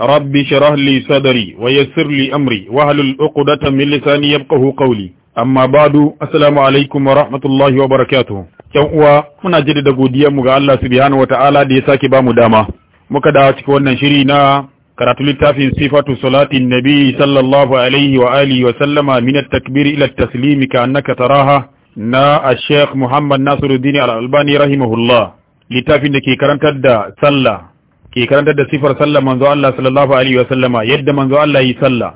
رب شرح لي صدري ويسر لي أمري وهل lisani من لساني amma badu أما alaikum wa rahmatullahi wa الله Yan uwa, muna jaddada godiya mu ga Allah subhanahu wataala da ya sake bamu dama muka dawo cikin wannan shiri na karatu littafin sifatu salatin nabi sallallahu alaihi wa alihi wa sallama min at-takbir ila at-taslim ka annaka taraha na al-sheikh Muhammad Nasiruddin al-Albani rahimahullah littafin da ke karantar da sallah ke karantar da sifar sallar manzo Allah sallallahu alaihi wa yadda manzo Allah yi sallah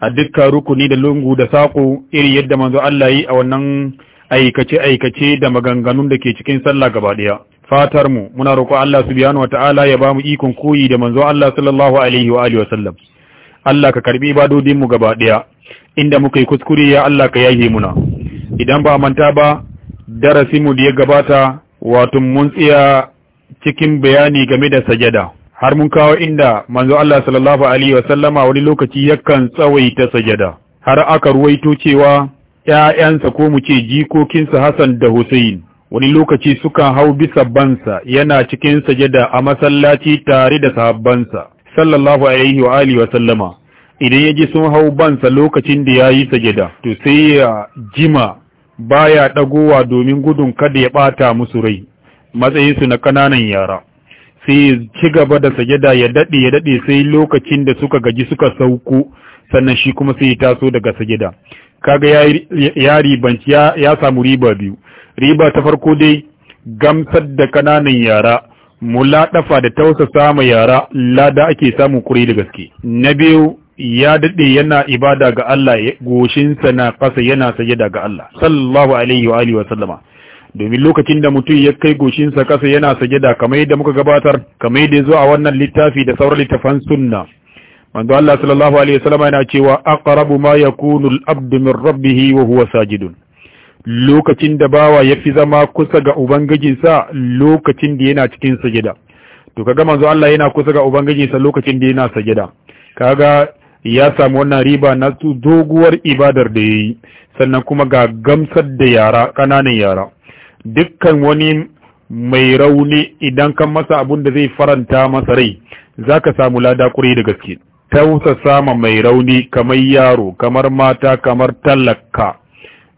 a dukkan rukuni da lungu da saƙo iri yadda manzo Allah yi a wannan aikace aikace da maganganun da ke cikin sallah gaba daya fatar mu muna roƙo Allah subhanahu wataala ya bamu ikon koyi da manzo Allah sallallahu alaihi wa alihi wa Allah ka karbi ibadodin mu gaba daya inda muka yi kuskure ya Allah ka yahe muna idan ba manta ba darasi mu da ya gabata wato mun tsaya cikin bayani game da sajada har mun kawo inda manzo Allah sallallahu alaihi wa sallama wani lokaci yakan tsawaita sajada har aka ruwaito cewa ƴaƴansa ko mu ce jikokinsa Hassan da Hussein wani lokaci sukan hau bisa bansa yana cikin sajada a masallaci tare da sahabbansa sallallahu alaihi wa alihi wa sallama idan yaji sun hau bansa lokacin da yayi sajada to sai ya jima baya dagowa domin gudun kada ya bata musu rai matsayinsu na ƙananan yara sai ci gaba da sajada ya daɗe ya daɗe sai lokacin da suka gaji suka sauko sannan shi kuma sai ya taso daga sajada kaga ya banci ya samu riba biyu riba ta farko dai gamsar da kananan yara mulaɗafa da tausasa ma yara lada ake samun kuri da gaske na biyu ya daɗe yana ibada ga Allah goshinsa na ƙasa yana sajada ga Allah sallallahu alaihi wa alihi wa sallama domin lokacin da mutum ya kai goshinsa kasa yana sajada kamar yadda muka gabatar kamar yadda zo a wannan littafi da sauran littafan sunna manzo Allah sallallahu alaihi wasallam yana cewa aqrabu ma yakunu al abd min rabbihi wa huwa sajidun lokacin da bawa yafi zama kusa ga ubangijinsa lokacin da yana cikin sajada to kaga manzo Allah yana kusa ga ubangijinsa lokacin da yana sajada kaga ya samu wannan riba na doguwar ibadar da yayi sannan kuma ga gamsar da yara kananan yara dukkan wani mai rauni idan kan masa abun da zai faranta masa rai zaka samu lada kuri da gaske tausasa sama mai rauni kamar yaro kamar mata kamar talaka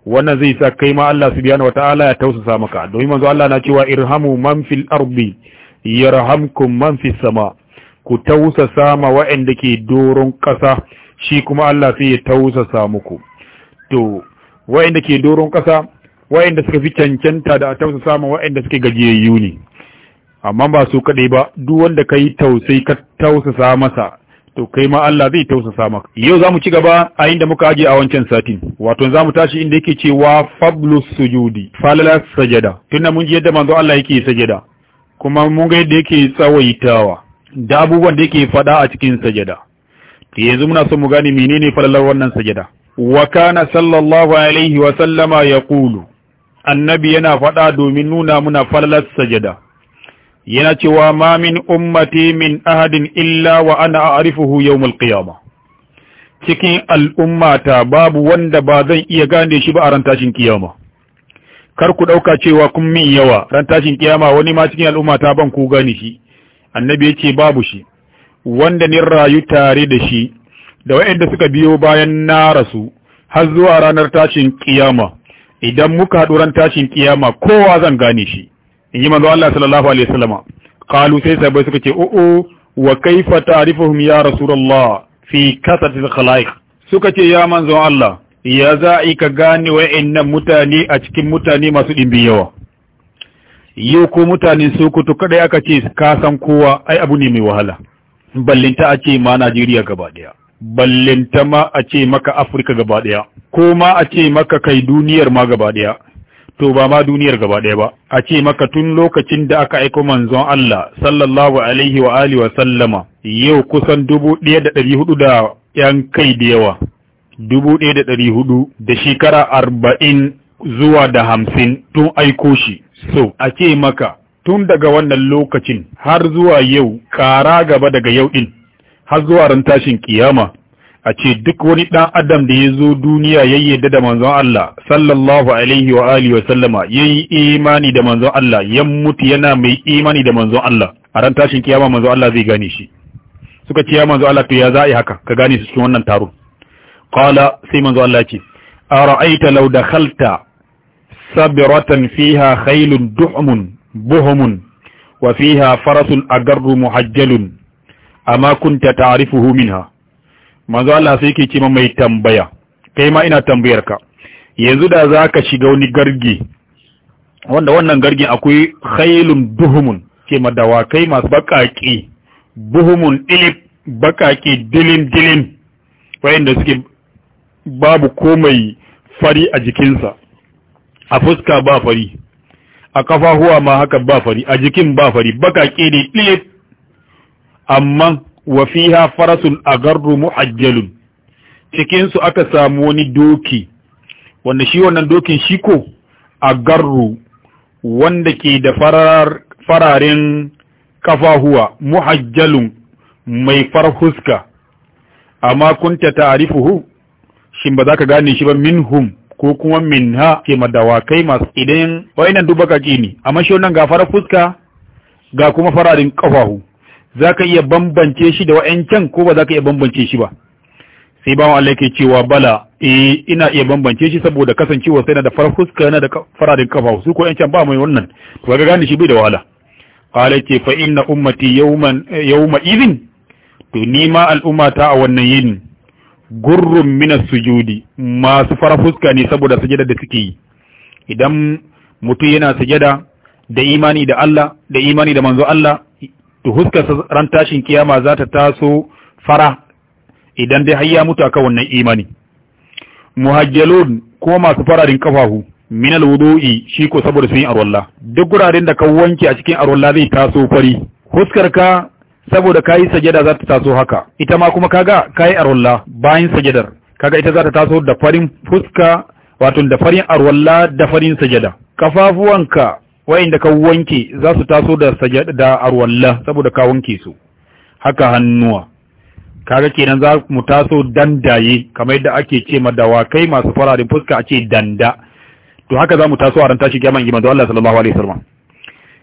wannan zai sa kai ma Allah subhanahu wataala ya tausasa maka domin manzo Allah na cewa irhamu man fil ardi yarhamkum man fis sama ku tausasa ma wa'anda ke doron kasa shi kuma Allah sai ya tausasa muku to wa'anda ke doron kasa wa'inda suka fi cancanta da a tausa sama wa'inda suke gajiyayyu ne amma ba su kaɗai ba duk wanda ka yi tausai ka tausasa masa to kai ma Allah zai tausasa maka yau za mu ci gaba a inda muka aje a wancan satin wato mu tashi inda yake cewa fablus sujudi falala sajada tunda mun ji yadda manzo Allah yake sajada kuma mun ga yadda yake tsawaitawa da abubuwan da yake faɗa a cikin sajada yanzu muna so mu gane menene falalar wannan sajada wa kana sallallahu alaihi wa sallama yaqulu annabi yana faɗa domin nuna muna falalar sajada yana cewa ma min ummati min ahadin illa wa ana a'rifuhu yawmul qiyama cikin al'ummata babu wanda ba zan iya gane shi ba a ran kiyama kar ku ɗauka cewa kun min yawa ran tashin kiyama wani ma cikin al'ummata ban ku gane shi annabi ya ce babu shi wanda ni rayu tare da shi da waɗanda suka biyo bayan na rasu har zuwa ranar tashin kiyama idan muka haɗu ran tashin kiyama kowa zan gane shi in yi manzo Allah sallallahu alaihi wasallama qalu sai sabai suka ce o'o wa kaifa ta'rifuhum ya rasulullah fi kasatil khalaiq suka ce ya manzo Allah ya za'i ka gane wa inna mutane a cikin mutane masu dimbin yawa yau ko mutane su to kaɗai aka ce ka san kowa ai abu ne mai wahala ballinta a ce ma Najeriya gaba daya ballinta ma a ce maka Afirka gaba ɗaya, ko ma a ce maka kai duniyar ma gaba ɗaya, to ba ma duniyar gaba ɗaya ba, a ce maka tun lokacin da aka aiko manzon Allah sallallahu alaihi wa alihi wa sallama yau kusan dubu ɗaya da ɗari hudu da ‘yan kai da yawa, dubu ɗaya da ɗari hudu da shekara arba'in zuwa da hamsin tun aiko shi, so a ce maka tun daga wannan lokacin har zuwa yau ƙara gaba daga yau ɗin har zuwa ran tashin kiyama a ce duk wani ɗan adam da ya zo duniya ya yadda da manzon Allah sallallahu alaihi wa alihi wa sallama ya yi imani da manzon Allah ya mutu yana mai imani da manzon Allah a ran tashin kiyama manzon Allah zai gane shi suka ce ya manzon Allah to ya za a yi haka ka gane su cikin wannan taro qala sai manzon Allah ce ara'aita law dakhalta sabratan fiha khailun duhmun buhumun. wa fiha farasun agarru muhajjalun amma kunta ta'rifuhu minha manzo Allah sai yake ce mai tambaya kai ma ina tambayar ka yanzu da zaka shiga wani gargi wanda wannan gargin akwai khailun duhumun ke madawakai masu bakaki buhumun dilib bakaki dilim dilim wayanda suke babu komai fari a jikinsa a fuska ba fari a huwa ma haka ba fari a jikin ba fari bakaki ne ɗin. amma wa fiha farasun agarru muhajjalun cikin su aka samu wani doki wanda shi wannan dokin shi ko agarru wanda ke da farar fararen kafahuwa muhajjalun mai farhuska amma kunta ta'rifuhu shin ba za ka gane shi ba minhum ko kuma minha ke madawakai masu idan wayannan dubaka ni. amma shi wannan ga farar fuska ga kuma fararin kafahu za ka iya bambance shi da wa'yancan ko ba za ka iya bambance shi ba sai bawan Allah yake cewa bala eh ina iya bambance shi saboda kasancewa sai na da farfuska na yana da faradin kafa su ko yancan ba mai wannan to ga gane shi bai da wahala qala ce fa inna ummati yawman eh, yawma to ni ma al'umma ta a wannan yin gurrun min sujudi masu farfuska ne saboda sujada da suke yi idan mutum yana sujada da imani da Allah da imani da manzo Allah to huskarsa ran tashin kiyama za ta taso fara idan dai har ya mutu akan wannan imani muhajjalun ko masu fararin kafahu min alwudu'i shi ko saboda sun yi arwalla duk guraren da ka wanke a cikin arwalla zai taso fari huskar ka saboda kayi sajada za ta taso haka ita ma kuma kaga kayi arwalla bayan sajadar kaga ita za ta taso da farin fuska wato da farin arwalla da farin sajada kafafuwanka wa'inda ka wanke za su taso da da arwallah saboda ka wanke su haka hannuwa kaga kenan za mu taso dandaye kamar yadda ake ce ma dawakai masu fararin fuska a ce danda to haka za mu taso a ran tashi kyaman gima da Allah sallallahu alaihi wasallam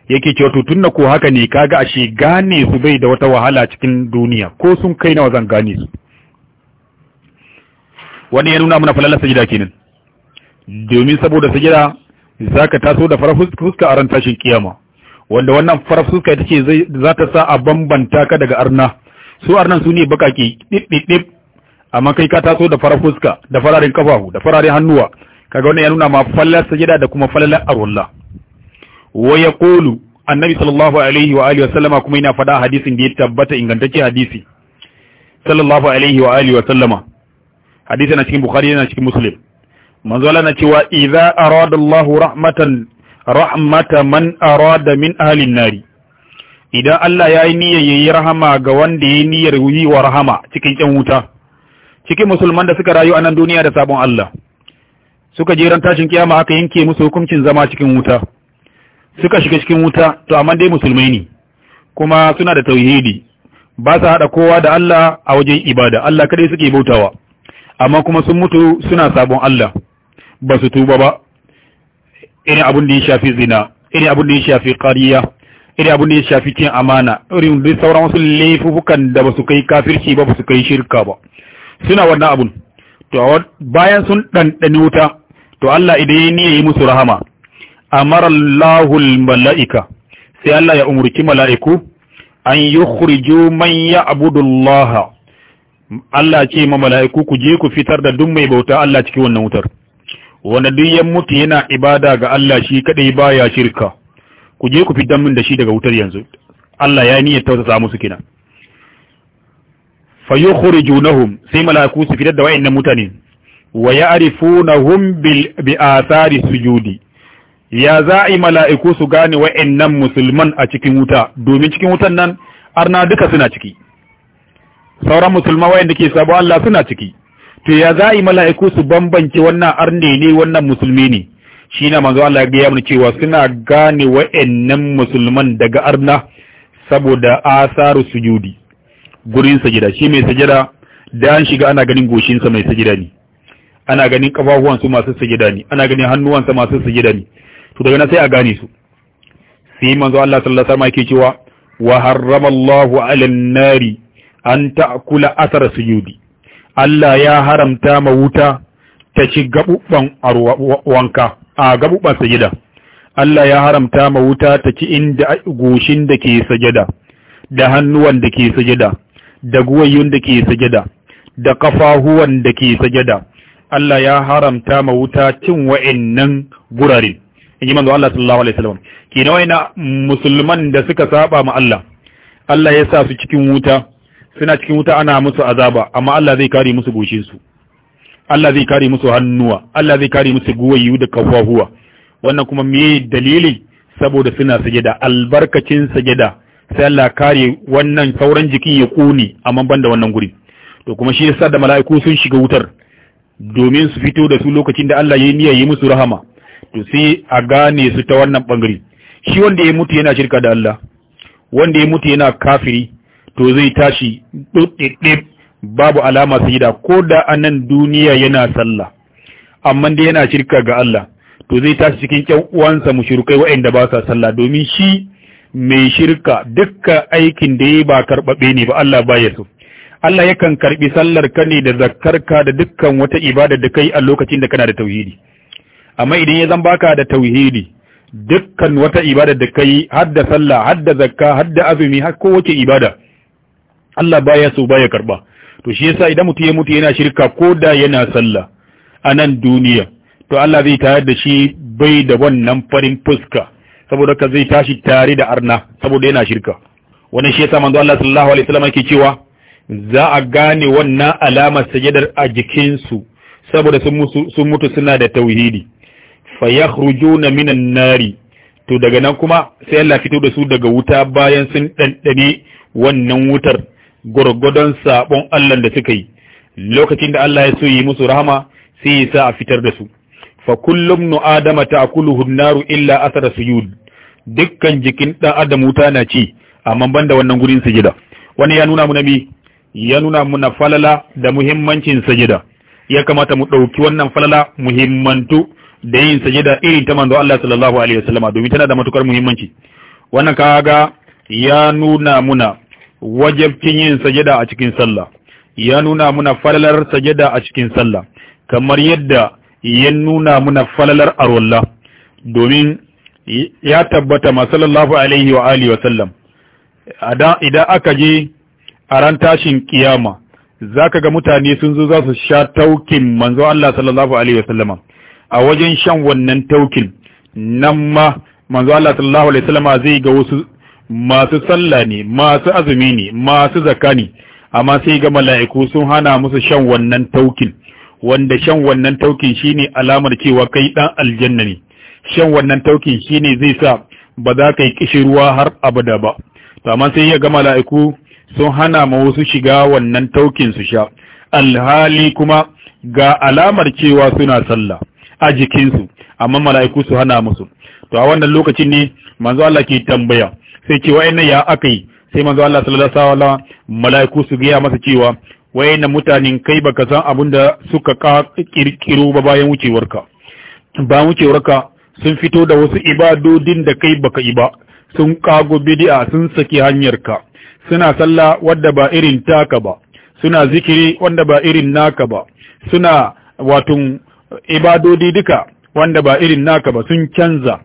yake cewa to tunna ko haka ne kaga ashe gane su bai da wata wahala cikin duniya ko sun kai nawa zan gane su wani ya nuna mana falalar sajida kenan domin saboda sajida za ka taso da farar fuska a ran tashin kiyama wanda wannan farar fuska ita ce za ta sa a bambanta ka daga arna su arnan su ne bakake ɗiɗɗiɗɗi amma kai ka taso da farar fuska da fararen kafahu da fararen hannuwa kaga wannan ya nuna ma fallar sajada da kuma fallar arwalla wa yaqulu annabi sallallahu alaihi wa alihi wa sallama kuma yana faɗa hadisin da ya tabbata ingantacce hadisi sallallahu alaihi wa alihi wa sallama hadisi na cikin bukhari yana cikin muslim manzo Allah na cewa idza arada Allahu rahmatan rahmata man arada min ahlin nari idan Allah yayi yi niyyar yayi rahama ga wanda yayi niyyar yi wa rahama cikin ƴan wuta cikin musulman da suka rayu a nan duniya da sabon Allah suka je tashin kiyama aka yanke musu hukuncin zama cikin wuta suka shiga cikin wuta to amma dai musulmai ne kuma suna da tauhidi ba sa hada kowa da Allah a wajen ibada Allah kadai suke bautawa amma kuma sun mutu suna sabon Allah ba su tuba ba irin abin da ya shafi zina irin abin da ya shafi ƙariya irin abin da ya shafi cin amana irin da sauran wasu laifukan da ba su kai kafirci ba ba su kai shirka ba suna wannan abun to bayan sun ɗanɗani wuta to Allah idan ya yi musu rahama amara Allahul mala'ika sai Allah ya umurci mala'iku an yukhriju man ya'budu Allah Allah ce ma mala'iku ku je ku fitar da duk mai bauta Allah cikin wannan wutar wanda duk ya mutu yana ibada ga Allah shi kadai baya shirka ku je ku fitan min da shi daga wutar yanzu Allah ya niyyar samu su kina fa yukhrijunahum sai malaiku su fitar da wayannan mutane wa ya'rifunahum bil bi athari sujudi ya za'i mala'iku su gane wayannan musulman a cikin wuta domin cikin wutan nan arna duka suna ciki sauran musulma wayanda ke sabo Allah suna ciki to ya za'i mala'iku su bambance wannan arne ne wannan musulmi ne shi na manzo Allah ya gaya mana cewa suna gane wa'annan musulman daga arna saboda asaru sujudi gurin sajida shi mai sajida da an shiga ana ganin goshinsa mai sajida ne ana ganin kafafuwansu masu sajida ne ana ganin hannuwansa masu sajida ne to daga nan sai a gane su sai manzo Allah sallallahu alaihi wasallam yake cewa wa harrama Allahu 'alan nari an ta'kula athara sujudi Allah ya haramta ma wuta ta ci gabubban wanka a gabubban sajida Allah ya haramta ma wuta ta ci inda goshin da ke sajada da hannuwan da ke sajada da guwayyun da ke sajada da kafahuwan da ke sajada Allah ya haramta ma wuta cin wa'annan gurare in ji manzo Allah sallallahu alaihi wasallam kina waina musulman da suka saba ma Allah Allah ya sa su cikin wuta suna cikin wuta ana musu azaba amma Allah zai kare musu goshin su Allah zai kare musu hannuwa Allah zai kare musu guwayu da kafafuwa wannan kuma me dalili saboda suna sajada albarkacin sajada sai Allah kare wannan sauran jiki ya kone amma banda wannan guri to kuma shi yasa da mala'iku sun shiga wutar domin su fito da su lokacin da Allah ya niyya yi musu rahama to sai a gane su ta wannan bangare shi wanda ya mutu yana shirka da Allah wanda ya mutu yana kafiri to zai tashi ɗuɗɗiɗɗif babu alama gida ko da a nan duniya yana sallah amma dai yana shirka ga Allah to zai tashi cikin ƴan uwansa mushrikai wa'inda ba sa sallah domin shi mai shirka Dukka aikin da ya ba karɓaɓe ne ba Allah ba ya so Allah yakan karɓi sallar ka ne da zakarka da dukkan wata ibada da kai a lokacin da kana da tauhidi amma idan ya zan baka da tauhidi dukkan wata ibada da kai har da sallah har da zakka har da azumi har kowace ibada Allah baya so baya karba to shi yasa idan mutum ya mutu yana shirka ko da yana sallah a nan duniya to Allah zai tayar da shi bai da wannan farin fuska saboda ka zai tashi tare da arna saboda yana shirka wannan shi yasa manzo Allah sallallahu alaihi wasallam yake cewa za a gane wannan alamar sajadar a jikinsu saboda sun mutu suna da tauhidi fa yakhrujuna minan nari to daga nan kuma sai Allah fito da su daga wuta bayan sun dandane wannan wutar gurgudan sabon Allah da suka yi lokacin da Allah ya so yi musu rahama sai ya sa a fitar da su fa kullum nu adama ta'kuluhu an-naru illa athara suyud dukkan jikin dan adam wuta na ci amma banda wannan gurin sujuda wani ya nuna mu nabi ya nuna mu na falala da muhimmancin sujuda ya kamata mu ɗauki wannan falala muhimmantu da yin sujuda irin ta manzo Allah sallallahu alaihi wasallama domin tana da matukar muhimmanci wannan kaga ya nuna muna wajabcin yin sajada a cikin sallah ya nuna muna falalar sajada a cikin sallah kamar yadda ya nuna muna falalar arwalla domin ya tabbata masu sallallahu alaihi wa alihi wa sallam idan aka je a ran tashin kiyama zaka ga mutane sun zo za su sha taukin manzo Allah sallallahu alaihi wa sallama a wajen shan wannan taukin nan ma manzo Allah sallallahu alaihi wa sallama zai ga wasu masu sallah ne masu azumi ne masu zakka ne amma sai ga mala'iku sun hana musu shan wannan taukin wanda shan wannan taukin shine alamar cewa kai dan aljanna ne shan wannan taukin shine zai sa ba za ka yi kishirwa har abada ba to amma sai ya ga mala'iku sun hana ma wasu shiga wannan taukin su sha alhali kuma ga alamar cewa suna sallah a jikinsu amma mala'iku su hana musu to a wannan lokacin ne manzo Allah ke tambaya sai ce wayannan ya aka yi sai manzo Allah sallallahu alaihi wasallam mala'iku su gaya masa cewa wayannan mutanen kai baka san abin da suka kirkiro ba bayan wucewarka bayan wucewarka sun fito da wasu ibadodin da kai baka yi ba sun kago bid'a sun saki hanyarka suna sallah wadda ba irin taka ba suna zikiri wanda ba irin naka ba suna watun ibadodi duka wanda ba irin naka ba sun canza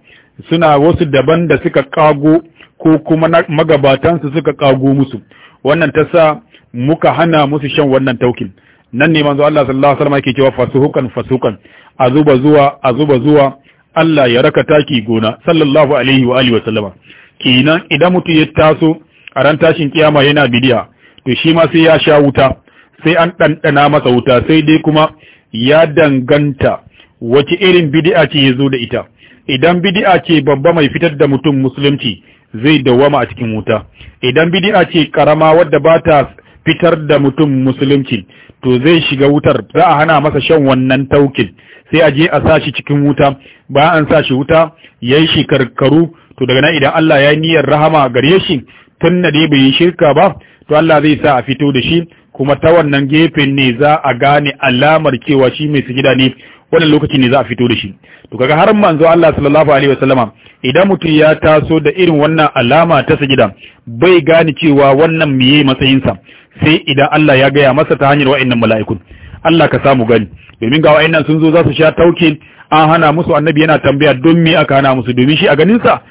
suna wasu daban da suka kago ko kuma magabatansu suka kago musu wannan ta sa muka hana musu shan wannan taukin nan ne manzo Allah sallallahu alaihi wasallam yake cewa fasuhukan fasuhukan azuba zuwa azuba zuwa Allah ya raka taki gona sallallahu alaihi wa alihi wasallama kenan idan mutu ya taso a ran tashin kiyama yana bidiya to shi ma sai ya sha wuta sai an ɗanɗana masa wuta sai dai kuma ya danganta wace irin bidi'a ce yazo da ita idan bidi'a ce babba mai fitar da mutum musulunci zai dawama a cikin wuta idan bid'a ce karama wadda ba ta fitar da mutum musulunci to zai shiga wutar za a hana masa shan wannan taukin sai a je a sa shi cikin wuta ba an sa shi wuta yayi shi karkaru to daga nan idan Allah ya yi niyyar rahama gare shi tun da dai bai yi shirka ba to Allah zai sa a fito da shi kuma ta wannan gefen ne za a gane alamar cewa shi mai sujida ne wannan lokaci ne za a fito da shi to kaga har manzo Allah sallallahu alaihi wasallama idan mutum ya taso da irin wannan alama ta sajida bai gane cewa wannan miye sa sai idan Allah ya gaya masa ta hanyar wa'annan mala'ikun Allah ka samu gani domin ga wa'annan sun zo za su sha tauke an hana musu annabi yana tambaya don me aka hana musu domin shi a ganin sa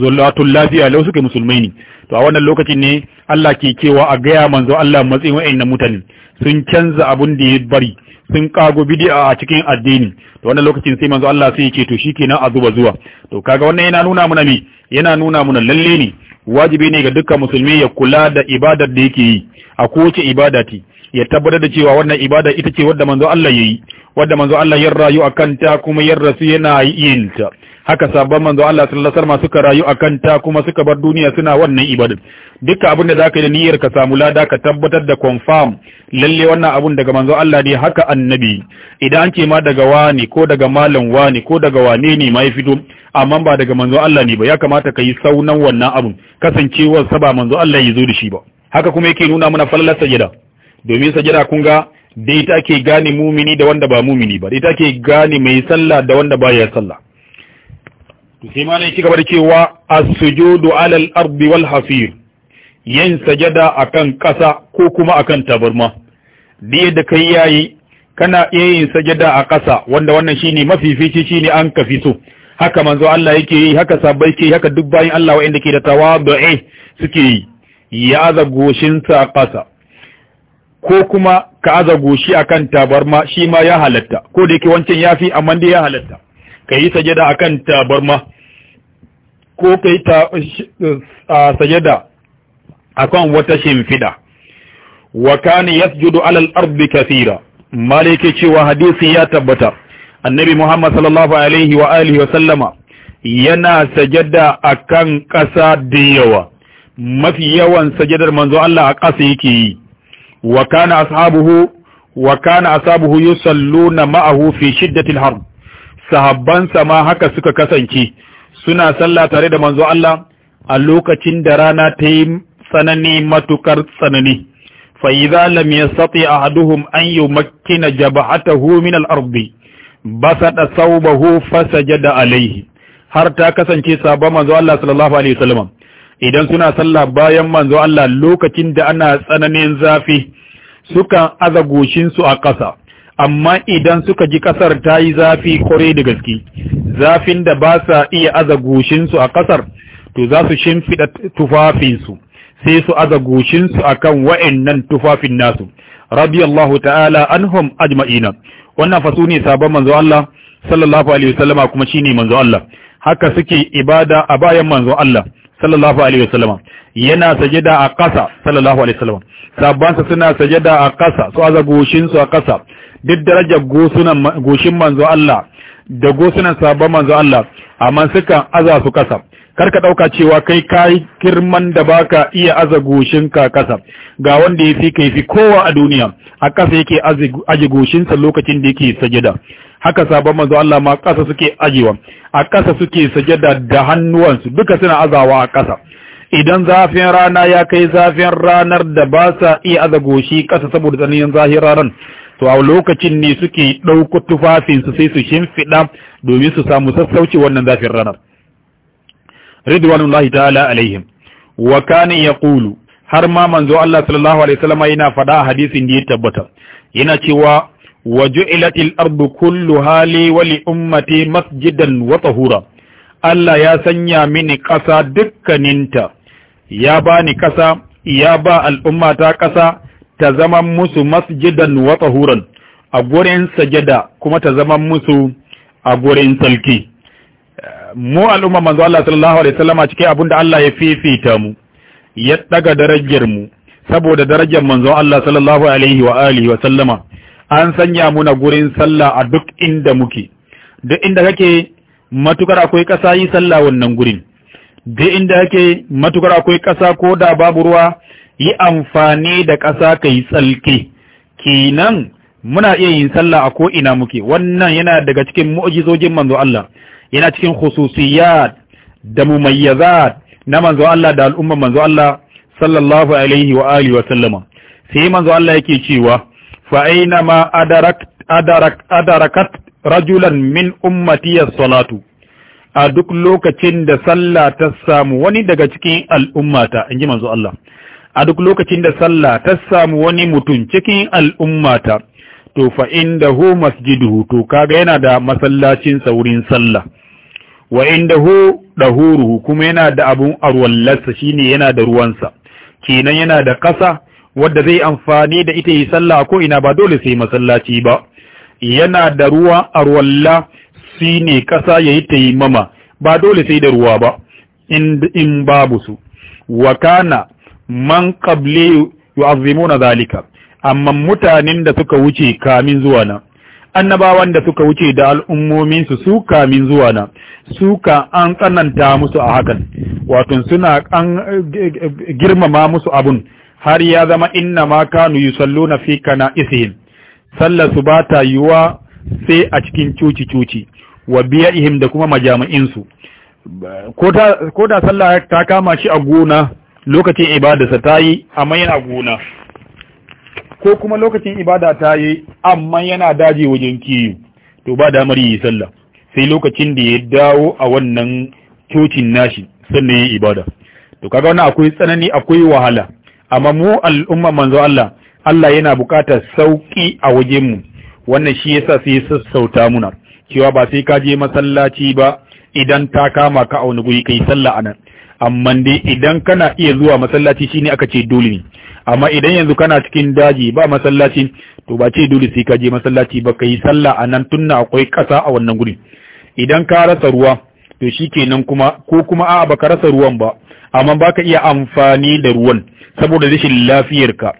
zullatul lafiya lau suke musulmai ne to a wannan lokacin ne Allah ke cewa a gaya manzo Allah matsayin wa'annan mutanen sun canza abun da ya bari sun kago bid'a a cikin addini to wannan lokacin sai manzo Allah sai ya ce to shikenan a zuba zuwa to kaga wannan yana nuna muna me yana nuna muna lalle ne wajibi ne ga dukkan musulmi ya kula da ibadar da yake yi a kowace ibada ce ya tabbatar da cewa wannan ibada ita ce wadda manzo Allah yayi wadda manzo Allah ya rayu akan ta kuma ya rasu yana yin ta haka sabon manzo Allah sallallahu alaihi wasallam suka rayu akan ta kuma suka bar duniya suna wannan ibadin duka abin da zaka yi niyyar ka samu lada ka tabbatar da confirm lalle wannan abun daga manzo Allah ne haka annabi idan an ce ma daga wani ko daga malam wani ko daga wane ne mai ya fito amma ba daga manzo Allah ne ba ya kamata ka yi saunan wannan abun kasancewar sa ba manzo Allah ya zo da shi ba haka kuma yake nuna mana falalar sajada domin sajada kun ga da ita gane mumini da wanda ba mumini ba dai take ake gane mai sallah da wanda baya sallah sai ma ne gaba da cewa as-sujudu 'ala al wal hafir yin sajada akan kasa ko kuma akan tabarma da yadda kai yayi kana iya yin sajada a kasa wanda wannan shine mafifici shine an kafi so haka manzo Allah yake yi haka sabai ke haka duk bayin Allah wanda ke da tawadu'i suke yi ya aza goshinsa a kasa ko kuma ka aza goshi akan tabarma shi ma ya halatta ko da yake wancan yafi amma dai ya halatta ka yi sajada akan tabarma ko kai ta sajada akan wata shimfida wa ya yasjudu ala al-ardi kathira malike cewa hadisi ya tabbata annabi Muhammad sallallahu alaihi wa alihi wa sallama yana sajada akan ƙasa da yawa mafi yawan sajadar manzo Allah a ƙasa yake yi wa kana ashabuhu wa kana ashabuhu yusalluna ma'ahu fi shiddatil harb sahabban ma haka suka kasance suna sallah tare da manzo Allah a lokacin da rana ta yi tsanani matukar tsanani fa idza lam yastati ahaduhum an yumakkina jabhatahu min al-ardi basada thawbahu fasajada alayhi har ta kasance sabon manzo Allah sallallahu alaihi wasallam idan suna sallah bayan manzo Allah lokacin da ana tsananin zafi sukan aza goshin su a ƙasa amma idan suka ji ƙasar ta yi zafi kore da gaske zafin da ba sa iya aza goshinsu a ƙasar to za su shimfiɗa tufafinsu sai su aza goshinsu a kan wa'annan tufafin nasu radiyallahu ta'ala an anhum ajma'ina wannan fasu ne sabon manzo Allah sallallahu alaihi wasallama kuma shi ne manzo Allah haka suke ibada a bayan manzo Allah sallallahu alaihi wasallama yana sajada a ƙasa sallallahu alaihi wasallama sabbansa suna sajada a ƙasa su aza goshinsu a ƙasa duk darajar goshin manzo Allah da gosunan sabon manzo Allah amma sukan aza su kasa kar ka dauka cewa kai kai kirman da baka iya aza goshin ka kasa ga wanda ya fi kai fi kowa a duniya a kasa yake aje goshin sa lokacin da yake sajada haka sabon manzo Allah ma kasa suke ajewa a kasa suke sajada da hannuwansu duka suna azawa a kasa idan zafin rana ya kai zafin ranar da ba sa iya aza goshi kasa saboda tsananin zahiraran to a lokacin ne suke ɗauko tufafinsu sai su shimfiɗa domin su samu sassauci wannan zafin ranar ridwanullahi ta'ala alaihim wa kana yaqulu har ma manzo Allah sallallahu alaihi wasallam yana faɗa a hadisin da ya tabbata yana cewa wa ju'ilatil ardu kulluha li wa li ummati masjidan wa tahura Allah ya sanya mini ƙasa dukkaninta ya bani ƙasa ya ba al'umma ta ƙasa ta zama musu masjidan wa tahuran a gurin sajada kuma ta zama musu a gurin salki mu al'umma manzo Allah sallallahu alaihi wasallam cikin abinda Allah ya fifita mu ya daga darajar mu saboda darajar manzo Allah sallallahu alaihi wa alihi wa sallama an sanya mu na gurin sallah a duk inda muke duk inda kake matukar akwai kasa yi sallah wannan gurin duk inda yake matukar akwai ƙasa ko da babu ruwa yi amfani da ƙasa ka yi tsalke kenan muna iya yin sallah a ko'ina muke wannan yana daga cikin mu'jizojin manzo Allah yana cikin khususiyat da mumayyazat na manzo Allah da al'umman manzo Allah sallallahu alaihi wa alihi wa sallama sai manzo Allah yake cewa fa aina ma adarak adarak adarakat rajulan min ummati as-salatu a duk lokacin da sallah ta samu wani daga cikin al'ummata in ji manzo Allah a duk lokacin da sallah ta samu wani mutum cikin al'ummata to fa hu masjidu to kaga yana da masallacin saurin sallah wa hu da dahuruhu kuma yana da abun arwallarsa shine yana da ruwansa kenan yana da ƙasa. wadda zai amfani da ita yi sallah ko ina ba dole sai masallaci ba yana da ruwan arwalla shi ne ƙasa ya yi mama ba dole sai da ruwa ba in babu su wa kana man azimu na zalika amma mutanen da suka wuce kamin zuwa na annabawan da suka wuce da al'ummominsu su kamin zuwa na su ka an tsananta musu a hakan wato suna an girmama musu abun har ya zama inna ma kanu yusalluna fi kana isihim sallar su ba ta yiwa sai a cikin cuci-cuci wa ihim da kuma majami'insu ko da sallah ta kama shi a gona lokacin ibadarsa ta yi amma yana gona ko kuma lokacin ibada ta yi amma yana daji wajen kiyo to ba damar yi sallah sai lokacin da ya dawo a wannan cocin nashi sannan yin ibada to kaga wani akwai tsanani akwai wahala amma mu al'umma manzo Allah Allah yana bukatar sauki a wajen mu wannan shi yasa sai sassauta muna cewa ba sai ka je masallaci ba idan ta kama ka a wani guri kai sallah a nan, amma dai idan kana iya zuwa masallaci shine aka ce dole ne amma idan yanzu kana cikin daji ba masallaci to ba ce dole sai ka je masallaci ba kai sallah a anan tunna akwai ƙasa a wannan guri idan ka rasa ruwa to shikenan kuma ko kuma a'a ka rasa ruwan ba amma baka iya amfani da ruwan saboda rashin lafiyarka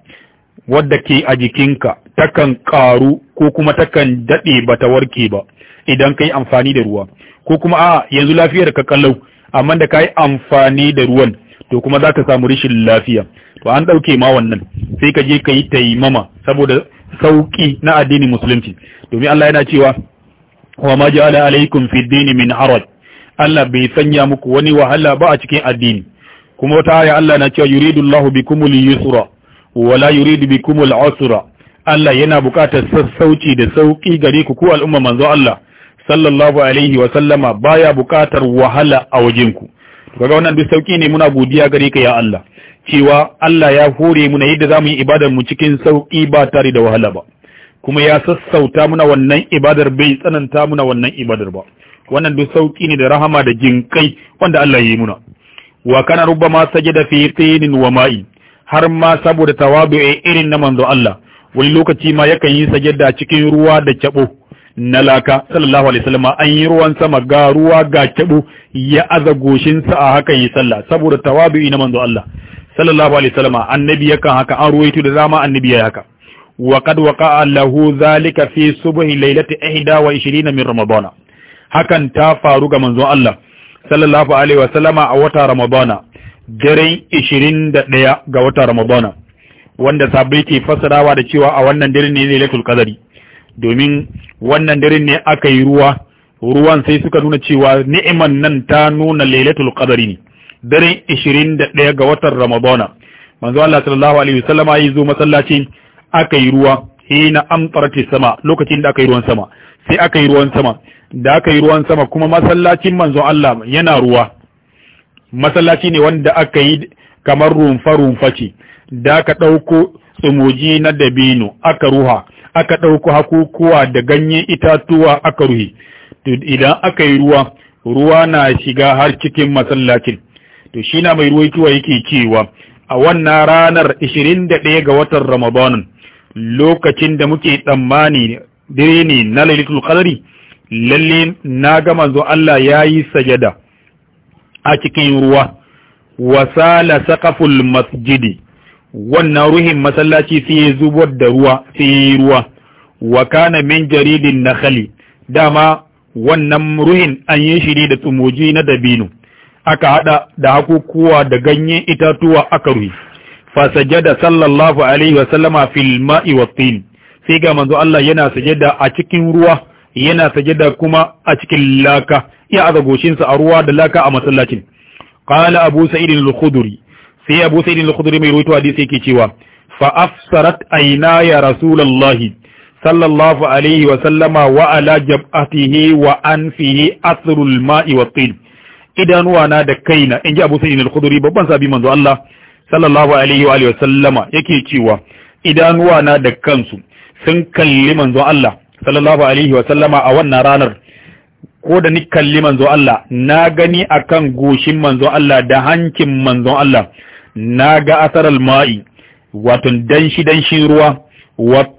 wadda ke a jikinka takan karu ko kuma takan daɗe bata warke ba idan kai amfani da ruwa ko kuma a yanzu lafiyar ka kallau amma da kai amfani da ruwan to kuma zaka samu rishin lafiya to an ɗauke ma wannan sai ka je ka yi taimama saboda sauƙi na addinin musulunci domin Allah yana cewa wa ma ja'ala alaikum fi dini min haraj Allah bai sanya muku wani wahala ba a cikin addini kuma wata aya Allah na cewa yuridu Allahu bikumul yusra wala yuridu bikumul usra Allah yana bukatar sassauci da sauƙi gare ku ko al'umma manzo Allah sallallahu alaihi wa sallama baya bukatar wahala a wajenku. kaga wannan duk sauki ne muna godiya gare ka ya Allah cewa Allah ya hore muna yadda zamu yi ibadar mu cikin sauki ba tare da wahala ba kuma ya sassauta muna wannan ibadar bai tsananta muna wannan ibadar ba wannan duk sauki ne da rahama da jinkai wanda Allah ya yi muna wa kana rubbama sajada fi tinin wa ma'i har ma saboda tawabi'i irin na manzo Allah wani lokaci ma yakan yi sajada cikin ruwa da cabo na laka sallallahu alaihi wasallam an yi ruwan sama ga ruwa ga kyadu ya aza goshinsa a hakan yi sallah saboda tawabi'i na manzo Allah sallallahu alaihi wasallam annabi yakan haka an ruwaito da zama annabi ya haka wa qad waqa'a lahu zalika fi subhi lailati 21 min ramadana hakan ta faru ga manzo Allah sallallahu alaihi wasallama a wata ramadana daren 21 ga wata ramadana wanda sabai ke fassarawa da cewa a wannan dare ne lailatul qadari domin wannan daren ne aka yi ruwa ruwan sai suka nuna cewa ni'iman nan ta nuna lailatul qadari ne daren 21 ga watan ramadana manzo Allah sallallahu alaihi wasallama ya zo masallaci aka yi ruwa hina amtarati sama lokacin da aka yi ruwan sama sai aka yi ruwan sama da aka yi ruwan sama kuma masallacin manzo Allah yana ruwa masallaci ne wanda aka yi kamar rumfa rumfa ce da aka dauko tsumoji na dabino aka ruha aka ɗauko hakukuwa da ganyen itatuwa aka ruhi idan aka yi ruwa ruwa na shiga har cikin masallacin to shi na mai ruwaituwa yake cewa a wannan ranar 21 ga watan Ramadan lokacin da muke tsammani dire ne na lalitul Qadri lalle na ga manzo Allah ya yi sajada a cikin ruwa wasala saqaful masjidi wannan ruhin masallaci sai ya zubar da ruwa sai ya yi ruwa wa kana min jaridin nakhali dama wannan ruhin an yi shi da tsumoji na dabino aka hada da hakukuwa da ganyen itatuwa aka ruhi fasajada sallallahu alaihi wasallama fil ma'i wattin sai ga manzo Allah yana sajada a cikin ruwa yana sajada kuma a cikin laka ya aza goshinsa a ruwa da laka a masallacin qala abu sa'id al-khudri sai abu sai din al-khudri mai ruwaito hadisi yake cewa fa afsarat aina ya rasulullahi sallallahu alaihi wa sallama wa ala jab'atihi wa anfihi athrul ma'i wa tin idanuwa na da kaina inji abu sai din al-khudri babban sabi manzo Allah sallallahu alaihi wa alihi wa sallama yake cewa idanuwa na da kansu sun kalli manzo Allah sallallahu alaihi wa sallama a wannan ranar ko da ni kalli manzo Allah na gani akan goshin manzo Allah da hankin manzo Allah na ga asarar ma'i wato danshi danshin ruwa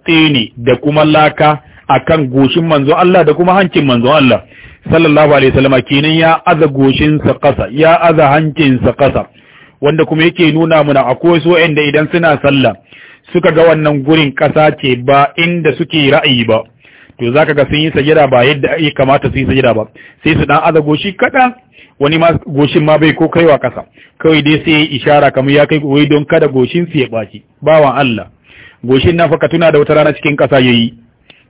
ne da kuma laka akan goshin manzo Allah da kuma hancin manzo Allah sallallahu alaihi wasallam kenan ya aza goshin sa kasa ya aza hancin sa kasa wanda kuma yake nuna muna akwai so inda idan suna sallah suka ga wannan gurin kasa ce ba inda suke ra'ayi ba to zaka ga sun yi sajira ba yadda ya kamata su yi sajira ba sai su dan aza goshi kada wani ma goshin ma bai ko kaiwa kasa kawai dai sai ishara kamar ya kai wai don kada goshin su ya baci bawan Allah goshin na faka tuna da wata rana cikin ƙasa yayi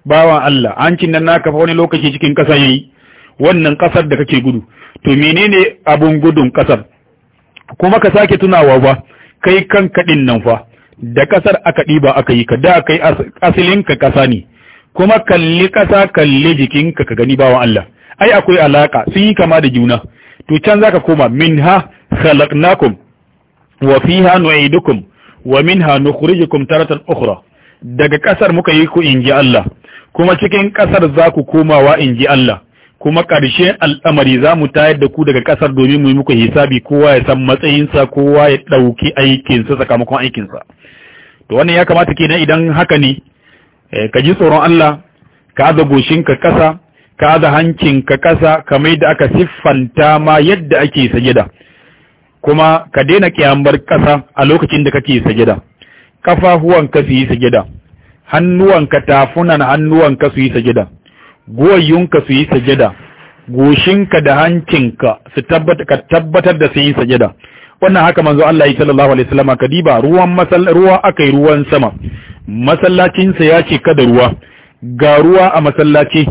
bawan Allah hancin nan naka fa wani lokaci cikin ƙasa yayi wannan kasar da kake gudu to menene abun gudun kasar kuma ka sake tunawa ba kai kan din nan fa da kasar aka diba aka yi ka da kai asalin ka kasa ne kuma kalli kasa kalli jikinka ka gani bawan Allah ai akwai alaka sun yi kama da juna to can zaka koma minha khalaqnakum wa fiha nu'idukum wa minha nukhrijukum taratan ukhra daga kasar muka yi ku inji Allah kuma cikin kasar za ku komawa inji Allah kuma ƙarshen al'amari za mu tayar da ku daga kasar domin mu yi muku hisabi kowa ya san matsayinsa kowa ya ɗauki aikinsa sakamakon aikinsa to wannan ya kamata kenan idan haka ne eh, ka ji tsoron Allah ka aza goshinka ƙasa ka da hancinka ƙasa kamar da aka siffanta ma yadda ake sajida kuma ka daina kyambar ƙasa a lokacin da kake sajida kafafuwanka su yi sajida hannuwanka tafunan hannuwanka su yi sajida goyunka su yi sajida goshinka da hancinka su tabbata ka tabbatar da su yi sajida wannan haka manzo Allah sallallahu alaihi wasallam kadiba ruwan masal ruwa akai ruwan sama masallacin sa ya kada ruwa ga ruwa a masallaci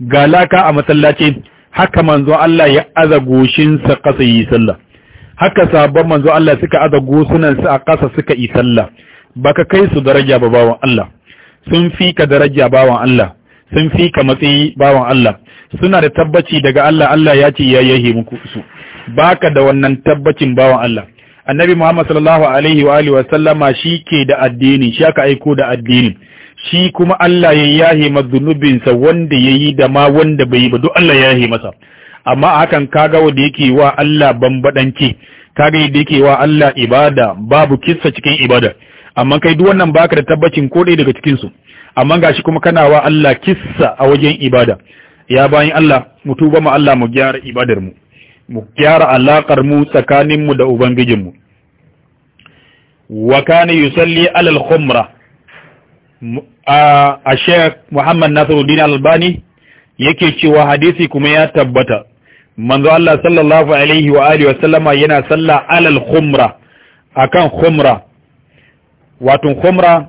ga laka a masallaci haka manzo Allah ya aza goshinsa ƙasa yi sallah haka sabon manzo Allah suka aza gosunansu a ƙasa suka yi sallah baka kai su daraja ba bawan Allah sun fi ka daraja bawan Allah sun fi ka matsayi bawan Allah suna da tabbaci daga Allah Allah ya ce ya yahe muku su baka da wannan tabbacin bawan Allah annabi Muhammad sallallahu alaihi wa alihi wa sallama shike da addini shi aka aiko da addini shi kuma Allah ya yahe mazunubinsa wanda ya yi da ma wanda bai yi ba duk Allah ya yahe masa amma hakan kaga wanda yake wa Allah bambadanci kaga yadda yake wa Allah ibada babu kisa cikin ibada amma kai duk wannan baka da tabbacin ko ɗaya daga cikin su amma gashi kuma kana wa Allah kissa a wajen ibada ya bayin Allah mu tuba mu Allah mu gyara ibadar mu mu gyara alakar mu tsakanin mu da ubangijin mu wa kana yusalli alal khumra a Sheikh Muhammad Nasiruddin Albani yake cewa hadisi kuma ya tabbata manzo Allah sallallahu alaihi wa alihi wa sallama yana salla alal khumra akan khumra wato khumra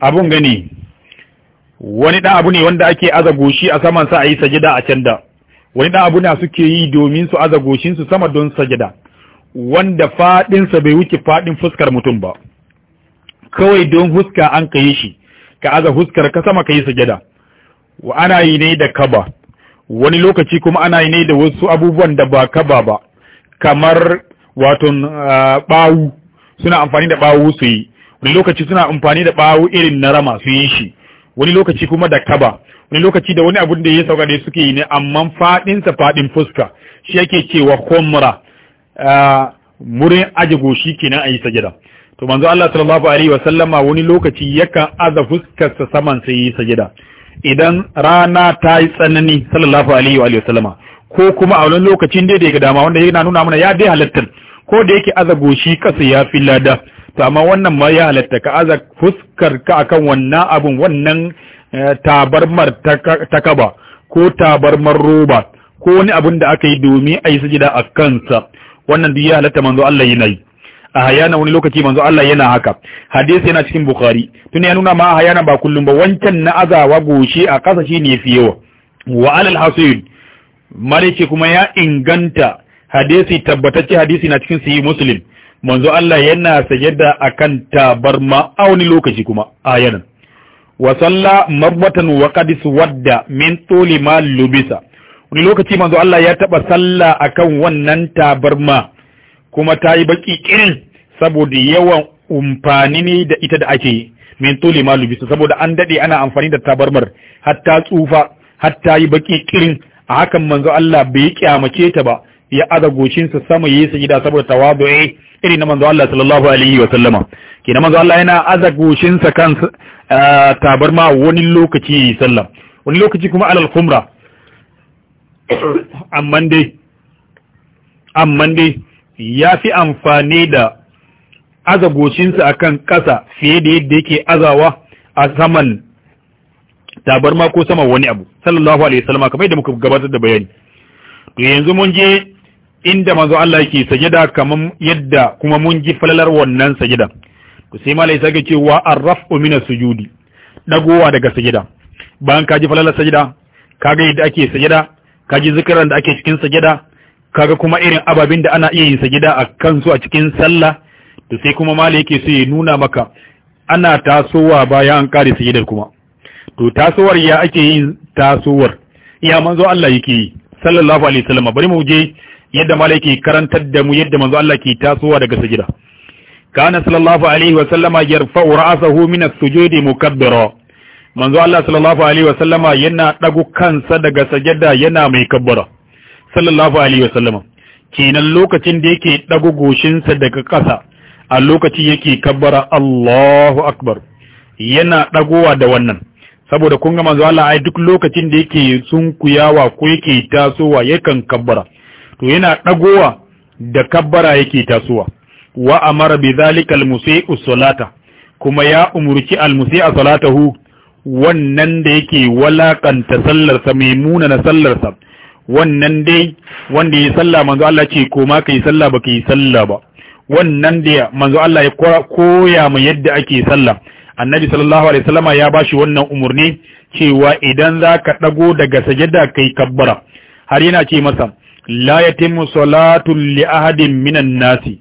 abun gani wani dan abu ne wanda ake aza a saman sa ayi sajida a can wani dan abu ne suke yi domin su aza goshin su sama don sajida wanda fadin sa bai wuce fadin fuskar mutum ba kawai don huska an ka yi shi ka aza huskar ka sama ka yi sujada wa ana yi ne da kaba wani lokaci kuma ana yi ne da wasu abubuwan da ba kaba ba kamar waton bawu ah, suna amfani da bawu su yi wani lokaci suna amfani da bawu irin na rama su yi shi wani lokaci kuma da kaba wani lokaci da wani abu da ya sauka da suke yi ne amma faɗinsa fadin fuska shi yake cewa komra murin ah, aje goshi kenan a yi sajada to manzo Allah sallallahu alaihi wasallama wani lokaci yakan aza fuskarsa saman sai yi sajada idan rana ta yi tsanani sallallahu alaihi wa sallama ko kuma a wani lokacin da ya dama wanda yana nuna mana ya dai halatta ko da yake aza goshi kasa ya fi lada to amma wannan ma ya halatta ka aza fuskar ka akan wannan abun wannan eh, tabarmar ta kaba ko tabarmar roba ko wani abun da aka yi domin a yi sajida a kansa wannan duk ya halatta manzo Allah yana yi a hayana wani lokaci manzo Allah yana haka hadisi yana cikin bukhari tun ya nuna ma a hayana ba kullum ba wancan na azawa goshi a kasa shi ne fi yawa wa alal hasil malice kuma ya inganta hadisi tabbatacce hadisi na cikin sahih muslim manzo Allah yana sajada akan tabarma a wani lokaci kuma ayanan wa salla marbatan wa qadis wadda min tuli ma lubisa wani lokaci manzo Allah ya taba salla akan wannan tabarma kuma ta yi baki kirin saboda yawan umfani ne da ita da ake yi min tuli ma lubisu saboda an dade ana amfani da tabarmar hatta tsufa hatta yi baki kirin a hakan manzo Allah bai kyamace ta ba ya aza sa sama yayi sajida saboda tawadu'i irin na manzo Allah sallallahu alaihi wa sallama Ke na manzo Allah yana aza sa kan tabarma wani lokaci sallam wani lokaci kuma alal khumra amman dai amman dai ya fi amfani da azagocinsa a kan ƙasa fiye da yadda yake azawa a saman tabarma ko sama wani abu sallallahu alaihi wasallam kamar yadda muka gabatar da bayani to yanzu mun je inda manzo Allah yake sajada kamar yadda kuma mun ji falalar wannan sajada to sai malai sake cewa arrafu min sujudi dagowa daga sajada bayan ka ji falalar sajada ka ga yadda ake sajada ka ji zikiran da ake cikin sajada kaga kuma irin ababin da ana iya yin sa gida a kansu a cikin sallah to sai kuma mala yake so ya nuna maka ana tasowa bayan an kare sujudar kuma to tasowar ya ake yin tasowar iya manzo Allah yake yi sallallahu alaihi wasallam bari mu je yadda mala yake karantar da mu yadda manzo Allah ke tasowa daga sujida kana sallallahu alaihi wasallam yarfa'u ra'sahu min as-sujudi mukabbira manzo Allah sallallahu alaihi wasallam yana dago kansa daga sajada yana mai kabbara sallallahu alaihi wasallam kenan lokacin da yake dago goshinsa daga ƙasa a lokacin yake kabbara Allahu akbar yana dagowa da wannan saboda kun ga manzo Allah ai duk lokacin da yake sunkuyawa ko yake tasowa yakan kabbara to yana dagowa da kabbara yake tasowa wa amara bi zalika al-musii'u salata kuma ya umurci al-musii'a salatahu wannan da yake walaƙanta sallarsa mai muna na sallarsa wannan dai wanda ya sallah manzo Allah ce ko ma kai sallah baka yi sallah ba wannan da manzo Allah ya koya mu yadda ake sallah annabi sallallahu alaihi wasallama ya bashi wannan umurni cewa idan zaka dago daga sajada kai kabbara har yana ce masa la yatimmu salatu li ahadin minan nasi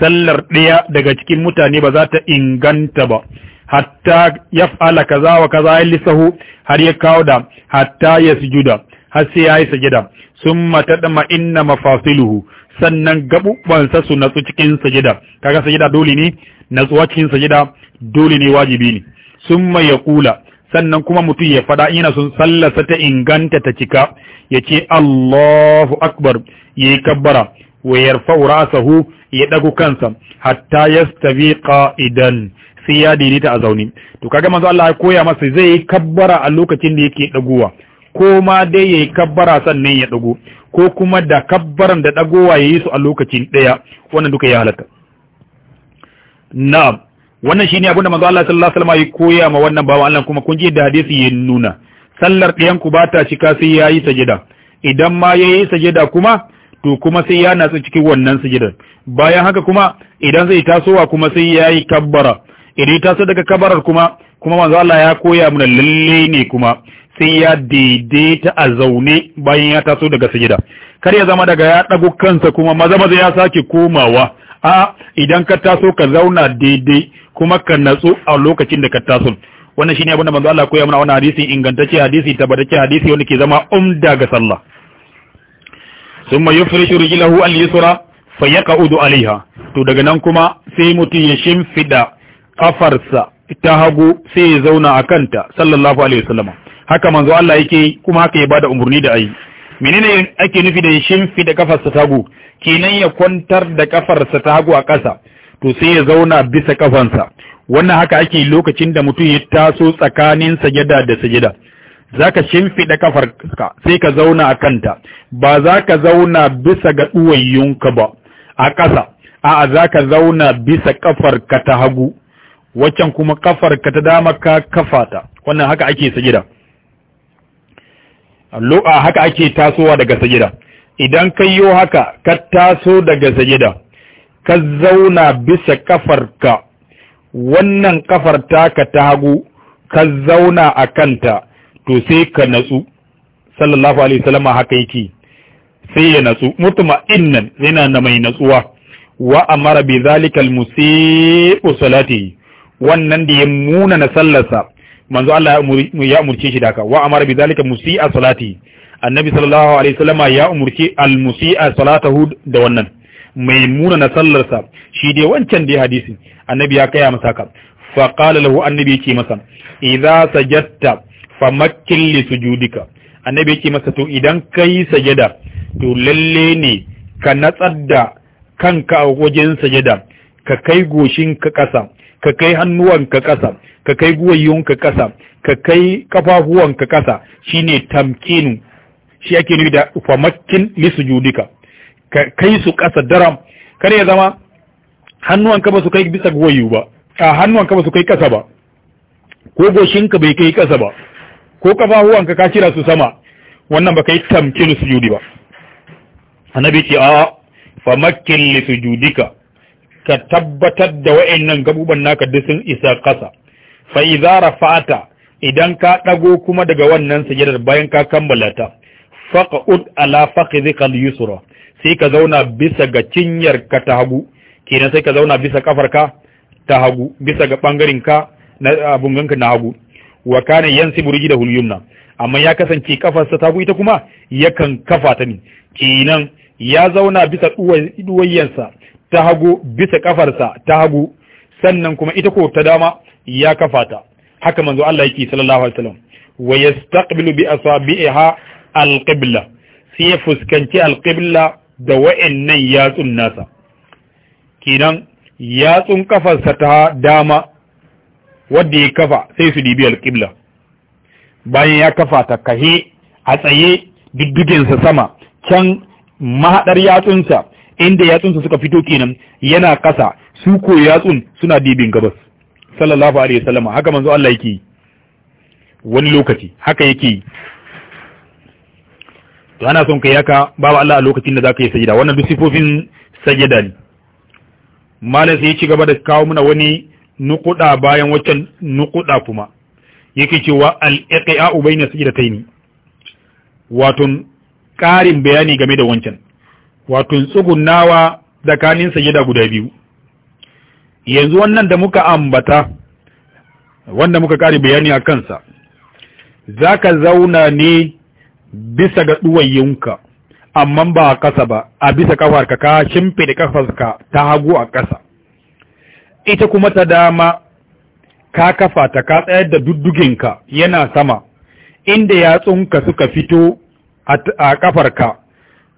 sallar daya daga cikin mutane ba za ta inganta ba hatta yaf'ala kaza wa kaza ya lisahu har ya kawo da hatta yasjuda har sai gida sun mata tadma inna mafasiluhu sannan gabubbansa su natsu cikin sajida kaga sajida dole ne natsuwa cikin sajida dole ne wajibi ne ya kula sannan kuma mutum ya faɗa ina sun sallasa ta inganta ta cika ya ce Allahu akbar ya yi kabbara wa yarfa ya dago kansa hatta stabi ka'idan sai ya daidaita a zaune to kaga manzo Allah ya koya masa zai yi kabbara a lokacin da yake dagowa ko ma dai yayi kabbara sannan ya dago ko kuma da kabbaran da dagowa yayi su a lokacin ɗaya, wannan duka ya halatta Na wannan shi ne abinda manzo Allah sallallahu alaihi wasallam ya koya ma wannan bawa Allah kuma kun ji da hadisi ya nuna sallar ɗayan ku ta cika sai ya yayi sajida idan ma ya yi sajida kuma to kuma sai ya natsu cikin wannan sajidar bayan haka kuma idan zai tasowa kuma sai ya yi kabbara idan taso daga kabarar kuma kuma manzo Allah ya koya mana lalle ne kuma sai ya daidaita a zaune bayan ya taso daga sujida kar ya zama daga ya dago kansa kuma maza maza ya sake komawa a idan ka taso ka zauna daidai kuma ka natsu a lokacin da ka taso wannan shine abin da manzo Allah koya mana wannan hadisi ingantacce hadisi tabbatacce hadisi wanda ke zama umda ga sallah summa yufrishu rijlahu al-yusra fayaqudu alaiha to daga nan kuma sai mutum ya shimfida kafarsa ta hagu sai ya zauna a kanta sallallahu alaihi wasallam haka manzo Allah yake kuma haka ya bada umurni da ayi menene ake nufi da shimfi da kafarsa ta hagu kenan ya kwantar da kafarsa ta hagu a ƙasa to sai ya zauna bisa kafansa wannan haka ake lokacin da mutum ya taso tsakanin sajada da sajada zaka kafar ka sai ka zauna a kanta ba za ka zauna bisa ga ɗuwayyunka ba a ƙasa a'a za ka zauna bisa kafar ka ta hagu waccan kuma kafar ka ta dama ka kafa ta wannan haka ake sajada. a haka ake tasowa daga sajida idan ka yi haka ka taso daga sajida ka zauna bisa kafarka wannan kafar taka ta hagu ka zauna a kanta to sai ka natsu sallallahu alaihi wasallam haka yake sai ya natsu mutma'innan yana na mai natsuwa wa amara bi zalikal al salati wannan da ya muna na sallarsa manzo Allah ya umurce shi da haka wa amara bi zalika musi'a salati annabi sallallahu alaihi wasallama ya umurce al musi'a salatahu da wannan mai muna na sallarsa shi dai wancan dai hadisi annabi ya kaya masa haka fa qala lahu annabi yake masa idza sajadta famakkil li sujudika annabi yake masa to idan kai sajada to lalle ne ka natsar da kanka a wajen sajada ka kai goshin ka kasa ka kai hannuwanka ƙasa ka kai guwayyonka ƙasa ka kai kafafuwanka ƙasa shine tamkinu shi ake nufi da Famakin lisujudika ka kai su ƙasa daram kar ya zama hannuwanka ba su kai bisa guwayyu ba a hannuwanka ba su kai ƙasa ba ko goshinka bai kai ƙasa ba ko kafafuwanka ka kira su sama wannan ba kai tamkinu sujudi ba annabi ce a famakkin lisujudika ka tabbatar da wa'annan gabuban naka duk sun isa ƙasa fa idza rafa'ata idan ka ɗago kuma daga wannan sujadar bayan ka kammala ta faqud ala faqidika al-yusra sai ka zauna bisa ga cinyar ka ta hagu kenan sai ka zauna bisa kafar ka ta hagu bisa ga bangaren ka na abunganka na hagu wa kana yansibu da al-yumna amma ya kasance sa ta hagu ita kuma yakan kafa ta ni. kenan ya zauna bisa duwayensa ta hagu bisa kafarsa ta hagu sannan kuma ita ko ta dama ya kafa ta haka manzo Allah yake sallallahu alaihi wasallam wa yastaqbilu bi asabiha alqibla sai ya fuskanci alqibla da wa'annan yatsun nasa kidan yatsun kafarsa ta dama wadda ya kafa sai su dibi alqibla bayan ya kafa ta kahe a tsaye sa sama can mahaɗar yatsunsa inda yatsunsa suka fito kenan yana kasa su ko yatsun suna dibin gabas sallallahu alaihi wasallam haka manzo Allah yake wani lokaci haka yake to ana son kai haka babu Allah a lokacin da zaka yi sajida wannan duk sifofin sajida ne malam sai ya ci gaba da kawo muna wani nukuda bayan waccan nukuda kuma yake cewa al-iqa'u bayna sajidataini wato ƙarin bayani game da wancan wato tsugunnawa tsakanin gida guda biyu yanzu wannan da muka ambata wanda muka kare bayani a kansa zaka zauna ne bisa ga duwayyunka amma ba a ƙasa ba a bisa kafarka ka shimfe da kafarka ta hagu a ƙasa ita kuma ta dama ka kafa ta ka tsayar da ka yana sama inda yatsunka suka fito a ƙafarka.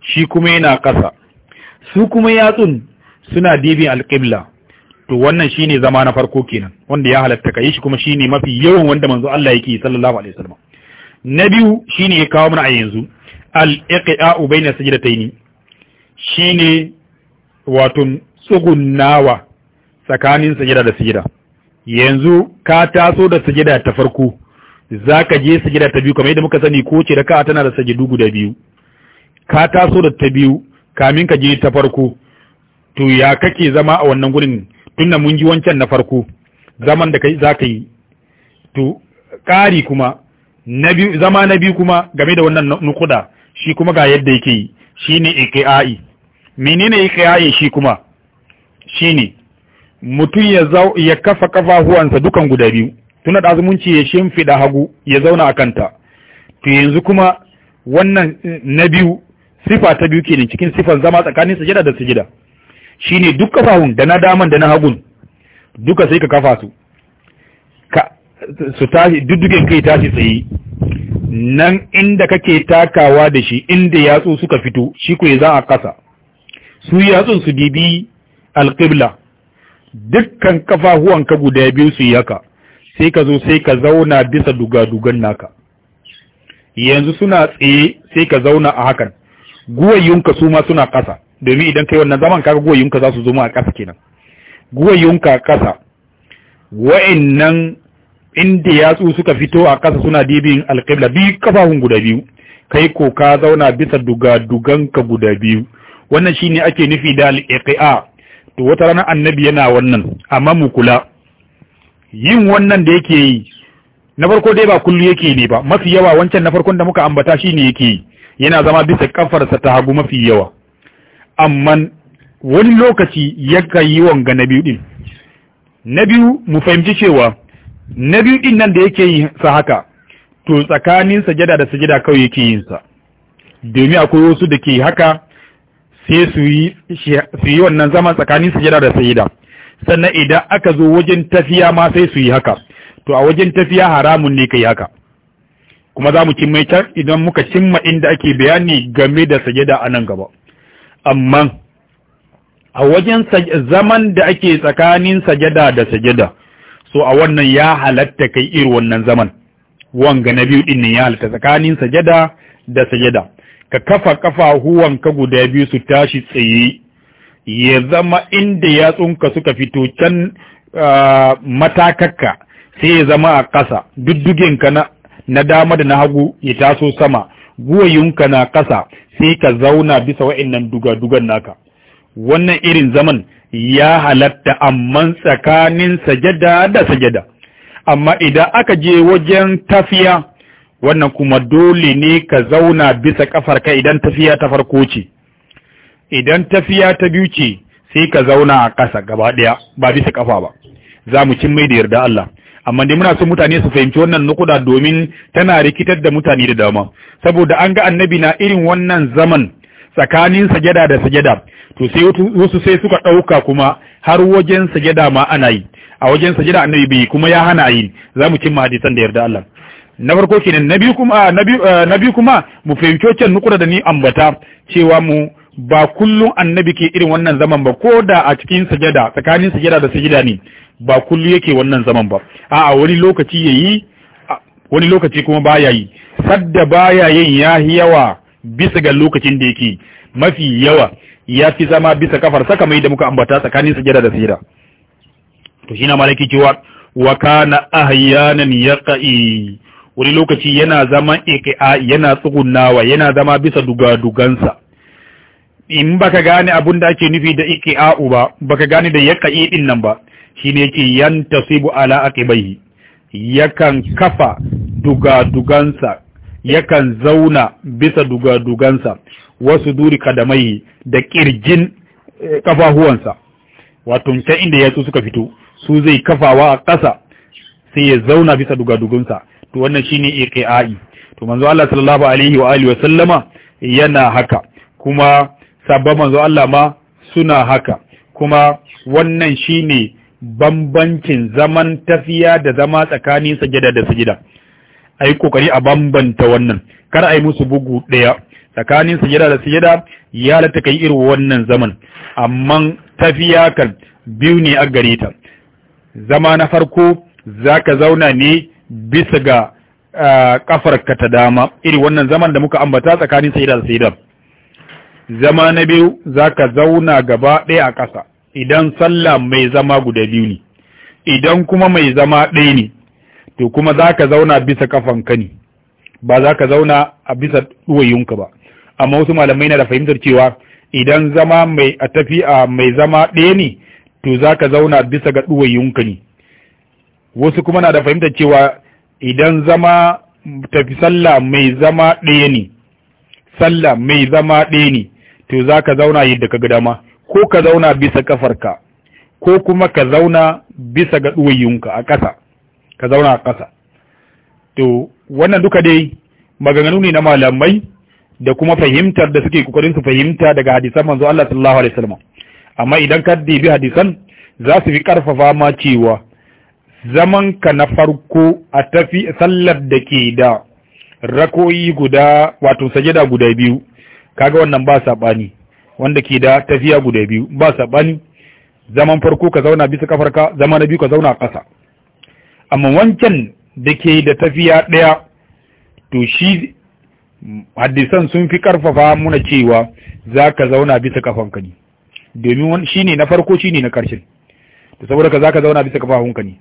shi kuma yana ƙasa su kuma yatsun suna dibin alƙibla to wannan shine zama na farko kenan wanda ya halatta kai shi kuma shine mafi yawan wanda manzo Allah yake sallallahu alaihi wasallam na biyu shine ya kawo mana a yanzu al-iqa'u baina sajdataini shine wato tsugunnawa tsakanin sajida da sajida yanzu ka taso da sajida ta farko zaka je sajida ta biyu kamar yadda muka sani ko ce raka'a tana da sajidu guda biyu ka taso da ta biyu kamin ka je ta farko to ya kake zama a wannan gurin tunda mun ji wancan na farko zaman da za ka yi to ƙari kuma zama na biyu kuma game da wannan nukuda shi kuma ga yadda yake yi shi ne iki'a'i menene iki'a'i shi kuma shi ne mutum ya kafa kafahuwansa dukan guda biyu tuna da azumunci ya da hagu ya zauna a kanta to yanzu kuma wannan eh, na biyu sifa ta biyu kenan cikin sifan zama tsakanin sajada da sajada shine duk kafahun da na daman da na hagun duka sai ka kafa su ka su tashi duddugen kai tashi tsaye nan inda kake takawa da shi inda yatsu suka fito shi kuwa za a kasa su yatsun su dibi alqibla dukkan kafahuwan ka guda biyu su yaka sai ka zo sai ka zauna bisa dugadugan naka yanzu suna tsaye sai ka zauna a hakan guwayyunka su ma suna ƙasa domin idan kai wannan zaman kaga guwayyunka za su zo a ƙasa kenan guwayyunka ƙasa ƙasa wa'annan inda yatsu suka fito a ƙasa suna dibin alƙibla biyu kafafun guda biyu kai ko ka zauna bisa dugaduganka guda biyu wannan shine ake nufi da al'iqa to wata rana annabi yana wannan amma mu kula yin wannan da yake yi na farko dai ba kullu yake ne ba mafi yawa wancan na farkon da muka ambata shi shine yake yi yana zama bisa kafarsa ta hagu mafi yawa amma wani lokaci ya yi wanga na biyu din na biyu mu fahimci cewa na biyu din nan da yake yi sa haka to tsakanin sajada da sajada kawai yake yin sa domin akwai wasu da ke haka sai su yi wannan zaman tsakanin sajada da sajada sannan idan aka zo wajen tafiya ma sai su yi haka to a wajen tafiya haramun ne kai haka kuma za mu cimma kyar idan muka cimma inda ake bayani game da sajada a nan gaba amma a wajen zaman da ake tsakanin sajada da sajada so a wannan ya halatta kai irin wannan zaman wanga na biyu din ya halatta tsakanin sajada da sajada ka kafa kafa ka guda biyu su tashi tsaye ya zama inda yatsunka suka fito can ah, matakakka sai ya zama a ƙasa ka na na dama da na hagu ya taso sama guwayunka na ƙasa sai ka zauna bisa wa'annan dugadugan naka wannan irin zaman ya halatta amma tsakanin sajada da sajada amma idan aka je wajen tafiya wannan kuma dole ne ka zauna bisa ka idan tafiya ta farko ce idan tafiya ta biyu ce sai ka zauna a ƙasa gaba ɗaya ba bisa kafa ba za mu cin mai da yarda Allah amma dai muna son mutane su fahimci wannan nukuda domin tana rikitar da mutane da dama saboda an ga annabi na irin wannan zaman tsakanin sajada da sajada to sai wasu sai suka ɗauka kuma har wajen sajada ma ana yi a wajen sajada annabi bai kuma ya hana yi za mu cimma hadisan da yarda Allah na farko kenan na biyu kuma na eh, kuma mu fahimci wancan nukuda da ni ambata cewa mu ba kullum annabi ke irin wannan zaman ba ko da a cikin sajada tsakanin sajada da sajada ne ba kullu yake wannan zaman ba a'a wani lokaci yayi wani lokaci kuma baya yi sadda baya yin yahi yawa bisa ga lokacin da yake mafi yawa ya fi zama bisa kafar saka mai da muka ambata tsakanin sujada da sira to shi na malaki cewa wa kana ahyanan yaqi wani lokaci yana zama iqa yana tsugunnawa yana zama bisa duga-dugansa. in baka gane abun da ake nufi da iqa'u ba baka gane da yaqi din nan ba Shi shine yake yantasibu ala aqibaihi yakan kafa dugadugansa yakan zauna bisa dugadugansa wasu duri kadamai da ƙirjin ƙafahuwansa eh, wato ta inda yatsu suka fito su zai kafawa a ƙasa sai ya zauna bisa dugadugunsa to wannan shi ne iqai to manzo Allah sallallahu alaihi wa wa sallama yana haka kuma sabban manzo Allah ma suna haka kuma wannan shi ne. bambancin zaman tafiya da zama tsakanin sajada da sajada a yi kokari a bambanta wannan kar a yi musu bugu ɗaya tsakanin sajada da sajada ya lata kai irin wannan zaman amma tafiya kan biyu ne a gare ta zama na farko za ka zauna ne bisa ga kafarka ta dama iri wannan zaman da muka ambata tsakanin sajada da sajada zama na biyu za ka zauna gaba ɗaya a ƙasa idan sallah mai zama guda biyu ne idan kuma mai zama ɗaya ne to kuma za ka zauna bisa kafanka ne ba za ka zauna a bisa ɗuwayunka ba amma wasu malamai na da fahimtar cewa idan zama mai a tafi a mai zama ɗaya ne to za ka zauna bisa ga ɗuwayunka ne wasu kuma na da fahimtar cewa idan zama tafi sallah mai zama ɗaya ne sallah mai zama ɗaya ne to za ka zauna yadda ka ga dama ko ka zauna bisa kafarka ko kuma ka zauna bisa ga ɗuwayyunka a ƙasa ka zauna a ƙasa to wannan duka dai maganganu ne na malamai da kuma fahimtar da suke kokarin su fahimta daga hadisan manzo Allah sallallahu alaihi wasallam amma idan ka dibi hadisan za su fi karfafa ma cewa zaman ka na farko a tafi sallar da ke da rakoyi guda wato sajada guda biyu kaga wannan ba sabani wanda ke da tafiya guda biyu ba saɓani zaman farko ka zauna bisa kafarka zama na biyu ka zauna ƙasa amma wancan da ke da tafiya ɗaya to shi hadisan sun fi ƙarfafa muna cewa za ka zauna bisa kafanka ne domin shi ne na farko shi ne na ƙarshen da saboda ka za ka zauna bisa kafafunka ne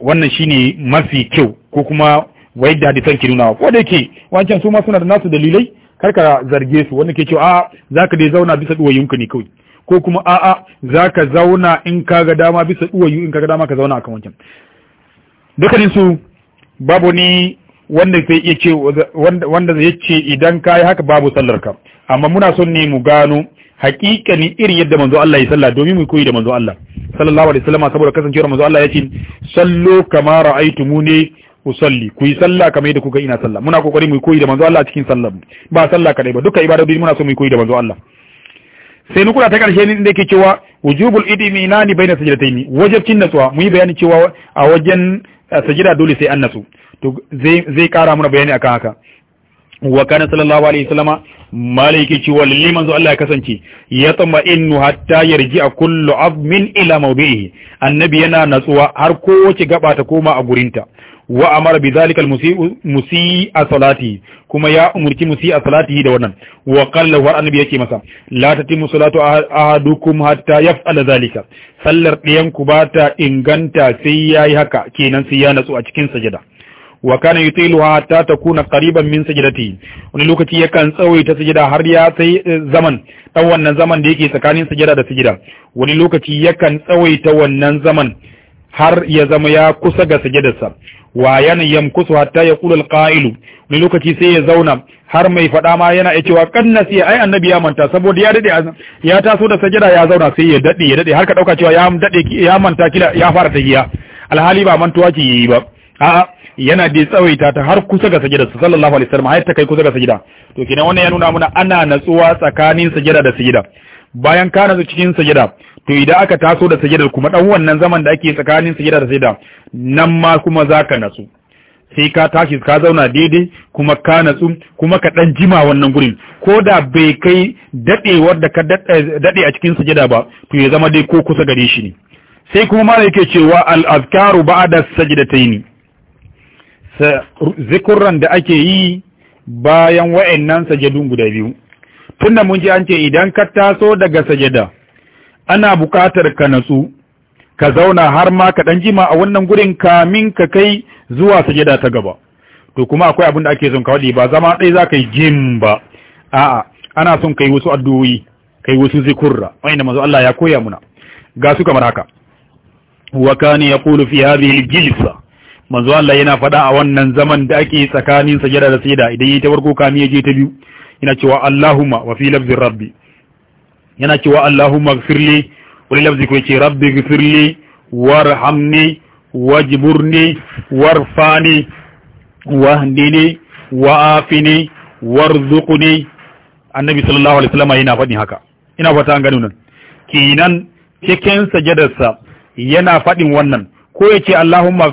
wannan shi ne mafi kyau ko kuma wai da hadisan ke nuna ko da yake wancan su ma suna da nasu dalilai karka zarge su wanda ke cewa a'a ka dai zauna bisa ɗuwayinka ne kawai ko kuma a'a za ka zauna in ka ga dama bisa ɗuwayu in ka ga dama ka zauna akan wancan dukkanin su babu ni wanda zai iya ce wanda zai ce idan yi haka babu sallar ka amma muna son ne mu gano hakikani irin yadda manzo Allah ya sallah domin mu koyi da manzo Allah sallallahu alaihi wasallam saboda kasancewar manzo Allah ya ce sallu kama ra'aytumuni usalli ku yi sallah kamar yadda kuka ina sallah muna kokari mu koyi da manzo Allah cikin sallah ba sallah kadai ba duka ibadodi muna so mu koyi da manzo Allah sai nukula ta karshe ne inda yake cewa wujubul idimi nani baina sajdataini wajibcin natsuwa mu yi bayani cewa a wajen sajida dole sai an natsu to zai zai kara muna bayani akan haka wa kana sallallahu alaihi wasallama maliki ci wallahi manzo Allah ya kasance ya tsamba innu hatta yarji'a kullu azmin ila mawdihi annabi yana natsuwa har kowace gaba ta koma a gurinta wa amara bi zalika al musii salati kuma ya umurci musii da wannan wa qalla wa annabi yake masa la tatimu salatu ah-, ahadukum hatta yaf'ala zalika sallar ɗayan ku ta inganta sai yayi haka kenan sai ya natsu a cikin sajada wa kana yutiluha hatta takuna qariban min sajdati wani lokaci yakan tsawaita sujada har ya sai eh, zaman dan wannan zaman da yake tsakanin sujada da sujada wani lokaci yakan tsawaita wannan zaman har ya zama ya kusa ga sajadarsa wa yana yamkusu hatta ya kula al-qa'ilu wani lokaci sai ya zauna har mai faɗa ma yana ya cewa kan nasiya ai annabi ya manta saboda ya dade ya taso da sajada ya zauna sai ya dade ya dade har ka dauka cewa ya dade ya manta kila ya fara tahiya alhali ba mantuwa ce yi ba a'a yana da tsawaita ta har kusa ga sajida sallallahu alaihi wasallam har ta kai kusa ga sajida to kina wannan ya nuna muna ana natsuwa tsakanin sajida da sajida bayan ka natsu cikin sajida to idan aka taso da sajidar kuma dan wannan zaman da ake tsakanin sajida da sajida nan ma kuma zaka natsu sai ka tashi ka zauna daidai kuma ka natsu kuma ka dan jima wannan gurin ko da bai kai dadewar da ka dade a cikin sajida ba to ya zama dai ko kusa gare shi ne sai kuma malai yake cewa al-azkaru ba'da sajidataini zikurran da ake yi bayan wayannan sajadun guda biyu tunda mun ji an ce idan ka taso daga sajada ana buƙatar ka natsu ka zauna har ma ka ɗan jima a wannan gurin kamin ka kai zuwa sajada ta gaba to kuma akwai abin da ake son ka ba zama ɗaya za ka yi jim ba a'a ana son ka yi wasu addu'o'i ka yi wasu zikurra da mazu Allah ya koya muna ga su kamar haka wa ya yaqulu fi hadhihi al-jilsa manzo Allah yana faɗa a wannan zaman da ake tsakanin sajada da sajada idan yayi ta farko kami ya je ta biyu yana cewa Allahumma wa fi lafzin rabbi yana cewa Allahumma gfirli wani lafzi ko yace rabbi gfirli warhamni wajburni warfani wahdini wa'afini warzuqni annabi sallallahu alaihi wasallam yana faɗin haka ina fata an gani nan kinan cikin sajadarsa yana faɗin wannan ko ya ce Allahumma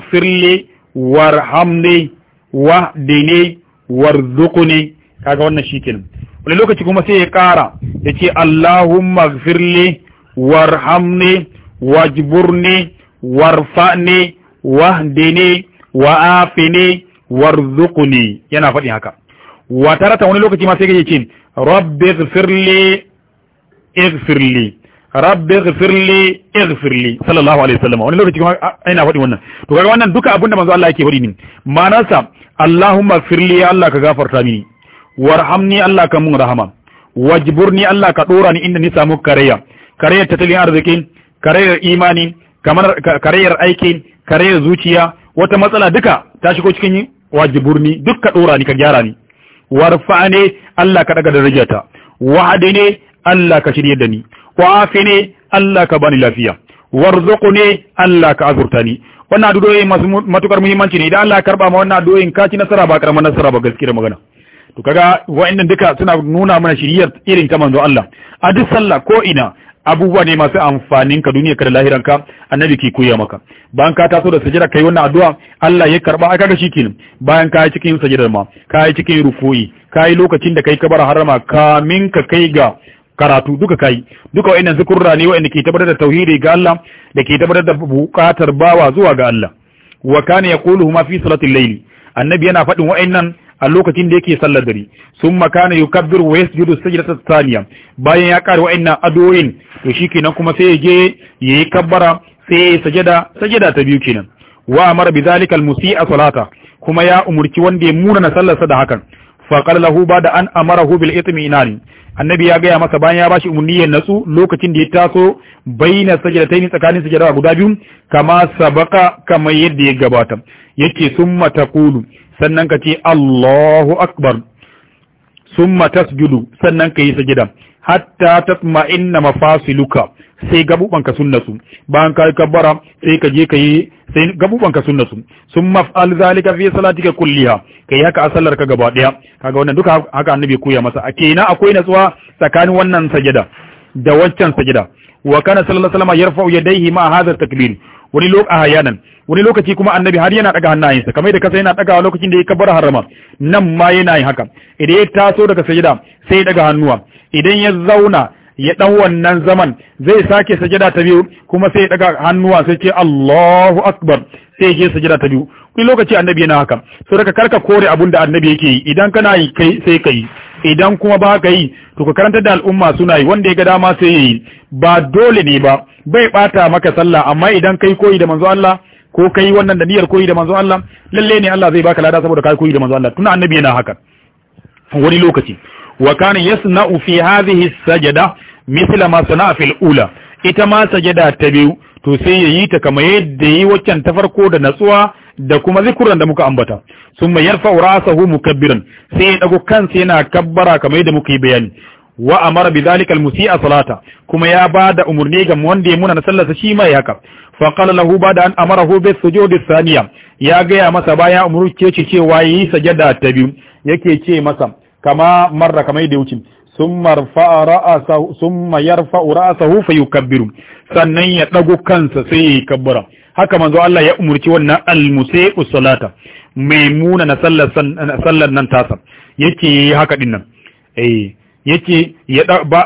wa dene war zukune kaga wannan shi kenan wani lokaci kuma sai ya ƙara ya ce Allahumma fa'ne wa wajburni wa afine war zukune yana faɗi haka wa tarata wani lokaci ma sai ya ce rabbi ighfirli ighfirli rabbi ghfirli ighfirli sallallahu alaihi wasallam wani lokaci kuma aina faɗi wannan to kaga wannan duka abinda manzo Allah yake faɗi min manasa Allahumma firli ya Allah ka gafarta mini warhamni Allah ka mun rahama wajburni Allah ka dora ni inda ni samu kareya kareya tattalin arziki kareya imani kamar kareya aiki kareya zuciya wata matsala duka ta shigo cikin wajiburni duk ka dora ni ka gyara ni warfa ne Allah ka daga darajata wa'adi ne Allah ka shirye da ni wa ne? Allah ka bani lafiya ne? Allah ka ni. wannan addu'o'i masu matukar muhimmanci ne idan Allah ya karba ma wannan addu'o'in ka ci nasara ba karamar nasara ba da magana to kaga wa'annan duka suna nuna mana shiriyar irin ta manzo Allah a duk sallah ko ina abubuwa ne masu amfanin ka duniya ka da lahiran ka annabi ki koya maka bayan ka taso da sajada kai wannan addu'a Allah ya karba aka ga shikenan bayan ka yi cikin sajidar ma ka yi cikin rukuyi ka yi lokacin da kai kabara harama kamin ka kai ga karatu duka kai duka wa'annan zikurra ne wa'anda ke tabbatar da tauhidi ga Allah da ke tabbatar da bukatar bawa zuwa ga Allah wa kana yaqulu ma fi salatil layli annabi yana faɗin wa'annan a lokacin da yake sallar dare summa kana yukabbiru wa yasjudu sajdata thaniya bayan ya kare wa'annan adoyin to shikenan kuma sai ya je yayi kabbara sai ya sajada sajada ta biyu kenan wa amara bi zalika musi'a salata kuma ya umurci wanda ya muna sallarsa da hakan Faƙar lahu da an amarahu bil itminan annabi ya gaya masa bayan ya bashi umarni ya natsu lokacin da ya taso bayyana yi tsakanin sajdawa guda biyu kama sabaka kama yadda ya gabata yake summa taqulu sannan ka ce Allahu akbar summa tasjudu sannan ka yi sajda hatta tatma'inna mafasiluka sai gabubanka sun nasu bayan ka yi kabbara sai ka je ka yi sai gabubanka sun nasu sun maf'al zalika fi salatika kulliha kai haka a sallar ka gaba daya kaga wannan duka haka annabi koya masa a kenan akwai natsuwa tsakanin wannan sajada da waccan sajada wa kana sallallahu alaihi wasallam yarfa'u yadayhi ma hadha takbir wani lokaci ahyanan wani lokaci kuma annabi har yana daga hannayensa kamar da kasa yana daga lokacin da ya kabbara harama nan ma yana yin haka idan ya taso daga sajada sai ya daga hannuwa idan ya zauna ya ɗan wannan zaman zai sake sajada ta biyu kuma sai ya ɗaga hannuwa sai ce Allahu Akbar sai ya je sajada ta biyu kuyi lokaci annabi yana haka so daga karka kore abun da annabi yake yi idan kana yi kai sai ka yi idan kuma ba ka yi to ka karanta da al'umma suna yi wanda ya ga dama sai ya yi ba dole ne ba bai ɓata maka sallah amma idan kai koyi da manzo Allah ko kai wannan da niyyar koyi da manzo Allah lalle ne Allah zai baka lada saboda kai koyi da manzo Allah tuna annabi yana haka wani lokaci wa kana yasna'u fi hadhihi sajada mithla sana'a fil ita ma sajada ta biyu to sai yayi ta kamar yadda yi waccan ta farko da natsuwa da kuma zikuran da muka ambata summa yarfa'u ra'sahu mukabbiran sai ya dago kansa yana kabbara kamar yadda muka yi bayani wa amara bidhalika almusi'a salata kuma ya ba da umurni ga wanda ya muna sallarsa shi mai haka fa qala lahu bada an amarahu bis sujudi Saniya ya gaya masa baya umurce shi cewa yi sajada ta biyu yake ce masa kama marra kama yadda wuce sun yarfa ra'asahu summa yarfa ra'asahu sannan ya ɗagu kansa sai yi kabbara haka manzo Allah ya umarci wannan usulata mai muna na sallar nan tasa yake yi haka dinnan eh yace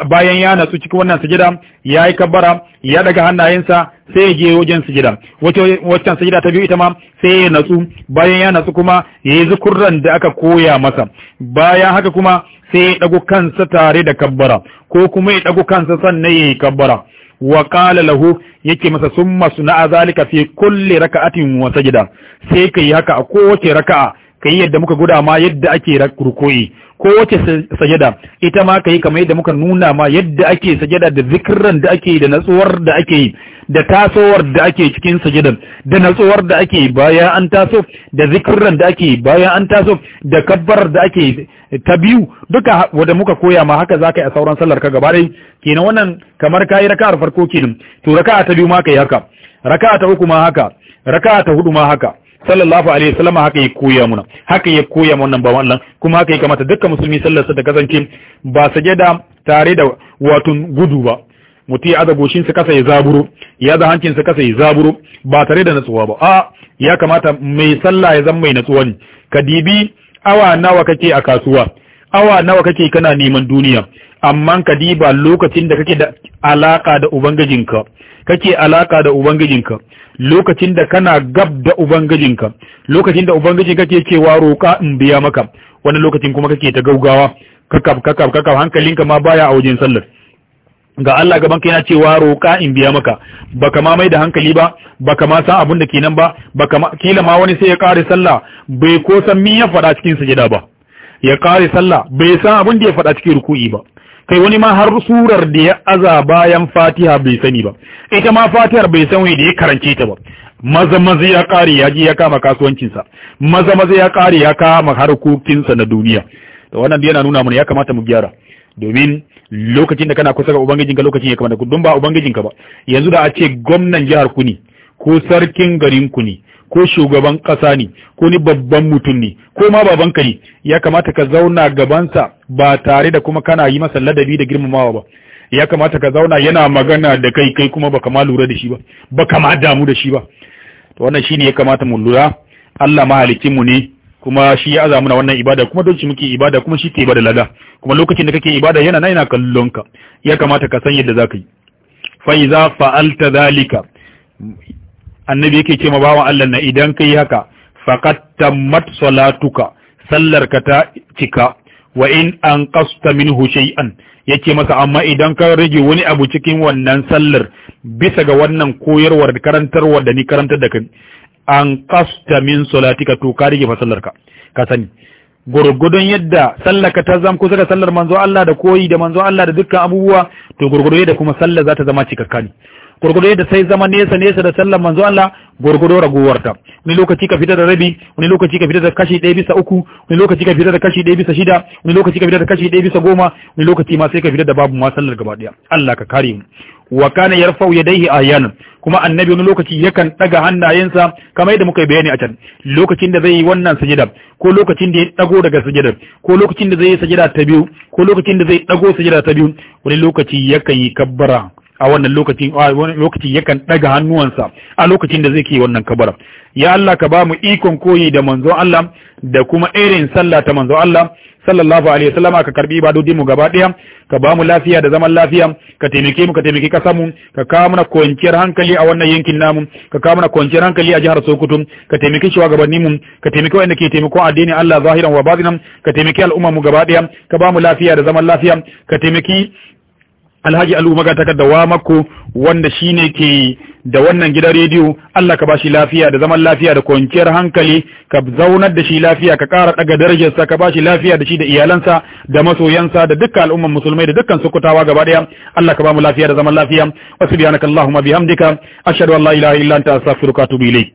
bayan ya natsu cikin wannan sujada ya yi kabbara ya daga hannayensa sai ya je wajen sujada waccan sujada ta biyu ita ma sai ya natsu bayan ya natsu kuma ya yi zukurran da aka koya masa bayan haka kuma sai ya dago kansa tare da kabbara ko kuma ya dago kansa sannan ya yi kabbara wa qala lahu yake masa summa suna zalika fi kulli raka'atin wa sajda sai kai haka a kowace raka'a ka yi yadda muka guda ma yadda ake rukoyi ko wace sajada ita ma ka yi kamar yadda muka nuna ma yadda ake sajada da zikirran da ake da natsuwar da ake da tasowar da ake cikin sajadan da natsuwar da ake bayan an taso da zikirran da ake bayan an taso da kabbar da ake ta biyu duka wanda muka koya ma haka za ka yi a sauran sallar ka gaba kenan wannan kamar ka yi raka'ar farko kenan to raka'a ta biyu ma ka yi haka raka'a ta uku ma haka raka'a ta hudu ma haka sallallahu alaihi wasallam haka ya koya muna haka ya koya mu wannan bawan Allah kuma haka ya kamata dukkan musulmi sallarsa ta kasance ba sajada tare da wato gudu ba mutum ya aza goshinsa kasa ya zaburo ya aza hancinsa kasa ya zaburo ba tare da natsuwa ba a ya kamata mai sallah ya zama mai natsuwa ne ka dibi awa nawa kake a kasuwa awa nawa kake kana neman duniya amma ka diba lokacin da kake da alaka da ubangijinka kake alaka da ubangijinka lokacin da kana gab da ubangijinka lokacin da ubangijinka ke cewa roƙa in biya maka Wannan lokacin kuma kake ta gaugawa kakab kakab kakab hankalinka ma baya a wajen sallar ga Allah gaban ka yana cewa roƙa in biya maka baka ma mai da hankali ba baka ma san abin da kenan ba baka ma kila ma wani sai ya ƙare sallah bai ko san min ya faɗa cikin sujada ba ya kare sallah bai san abin da ya faɗa cikin ruku'i ba kai wani ma har surar da ya aza bayan fatiha bai sani ba ita ma fatihar bai san da ya karance ta ba maza maza ya kare ya ji ya kama kasuwancinsa maza maza ya kare ya kama harkokinsa na duniya to wannan yana nuna mana ya kamata mu gyara domin lokacin da kana kusa ga ubangijinka lokacin ya kamata don ba ubangijinka ba yanzu da a ce gwamnan jihar ku ne ko sarkin garinku ne ko shugaban ƙasa ne ko ni babban mutum ne ko ma babanka ne ya kamata ka zauna gabansa ba tare da kuma kana yi masa ladabi da girmamawa ba ya kamata ka zauna yana magana da kai kai kuma baka ma lura da shi ba baka ma damu da shi ba to wannan shine ya kamata mu lura Allah mahalicin mu ne kuma shi ya azamuna wannan ibada kuma don shi muke ibada kuma shi ke ibada lada kuma lokacin da kake ibada yana na yana kallon ka ya kamata ka san yadda zaka yi fa iza fa'alta zalika annabi yake ce ma bawan Allah na idan kai haka faqat tammat salatuka sallarka ta cika wa in an qasta minhu shay'an yake masa amma idan ka rage wani abu cikin wannan sallar bisa ga wannan koyarwar da karantarwa da ni karantar da kai an qasta min salatika to ka rage sallar sallarka ka sani gurgudun yadda sallaka ta zama kusa da sallar manzo Allah da koyi da manzo Allah da dukkan abubuwa to gurgudun yadda kuma sallar za ta zama cikakka ne gurgudo da sai zama nesa nesa da sallar manzo Allah gurgudo ragowarta. wani lokaci ka fita da rabi wani lokaci ka fita da kashi ɗaya bisa uku wani lokaci ka fita da kashi ɗaya bisa shida wani lokaci ka fita da kashi ɗaya bisa goma wani lokaci ma sai ka fita da babu ma sallar gaba ɗaya Allah ka kare mu wa kana yarfau yadayhi ayyan kuma annabi wani lokaci yakan daga hannayensa kamar yadda muka yi bayani a can lokacin da zai yi wannan sujada ko lokacin da ya dago daga sujada ko lokacin da zai yi sujada ta biyu ko lokacin da zai dago sujada ta biyu wani lokaci yakan yi kabbara a wannan lokacin a wannan lokacin yakan daga hannuwansa a lokacin da zai ke wannan kabara ya Allah ka ba mu ikon koyi da manzon Allah da kuma irin sallah ta manzon Allah sallallahu alaihi wasallam ka karbi ibadodi mu gaba daya ka ba mu lafiya da zaman lafiya ka taimake mu ka taimake kasar mu ka kawo mana kwanciyar hankali a wannan yankin namu ka kawo mana kwanciyar hankali a jihar Sokoto ka taimake shi gabanin mu ka taimake wanda ke taimakon addinin Allah zahiran wa batinan ka taimake al'umma mu gaba daya ka ba mu lafiya da zaman lafiya ka taimake. alhaji alu magataka da wa mako wanda shine ke da wannan gidan rediyo Allah ka bashi lafiya da zaman lafiya da kwanciyar hankali ka zaunar da shi lafiya ka ƙara daga darajarsa ka bashi lafiya da shi da iyalansa da masoyansa da dukkan al'umman musulmai da dukkan sukutawa gaba daya Allah ka ba mu lafiya da zaman lafiya wa subhanakallahumma bihamdika ashhadu an la ilaha illa anta astaghfiruka wa atubu ilayk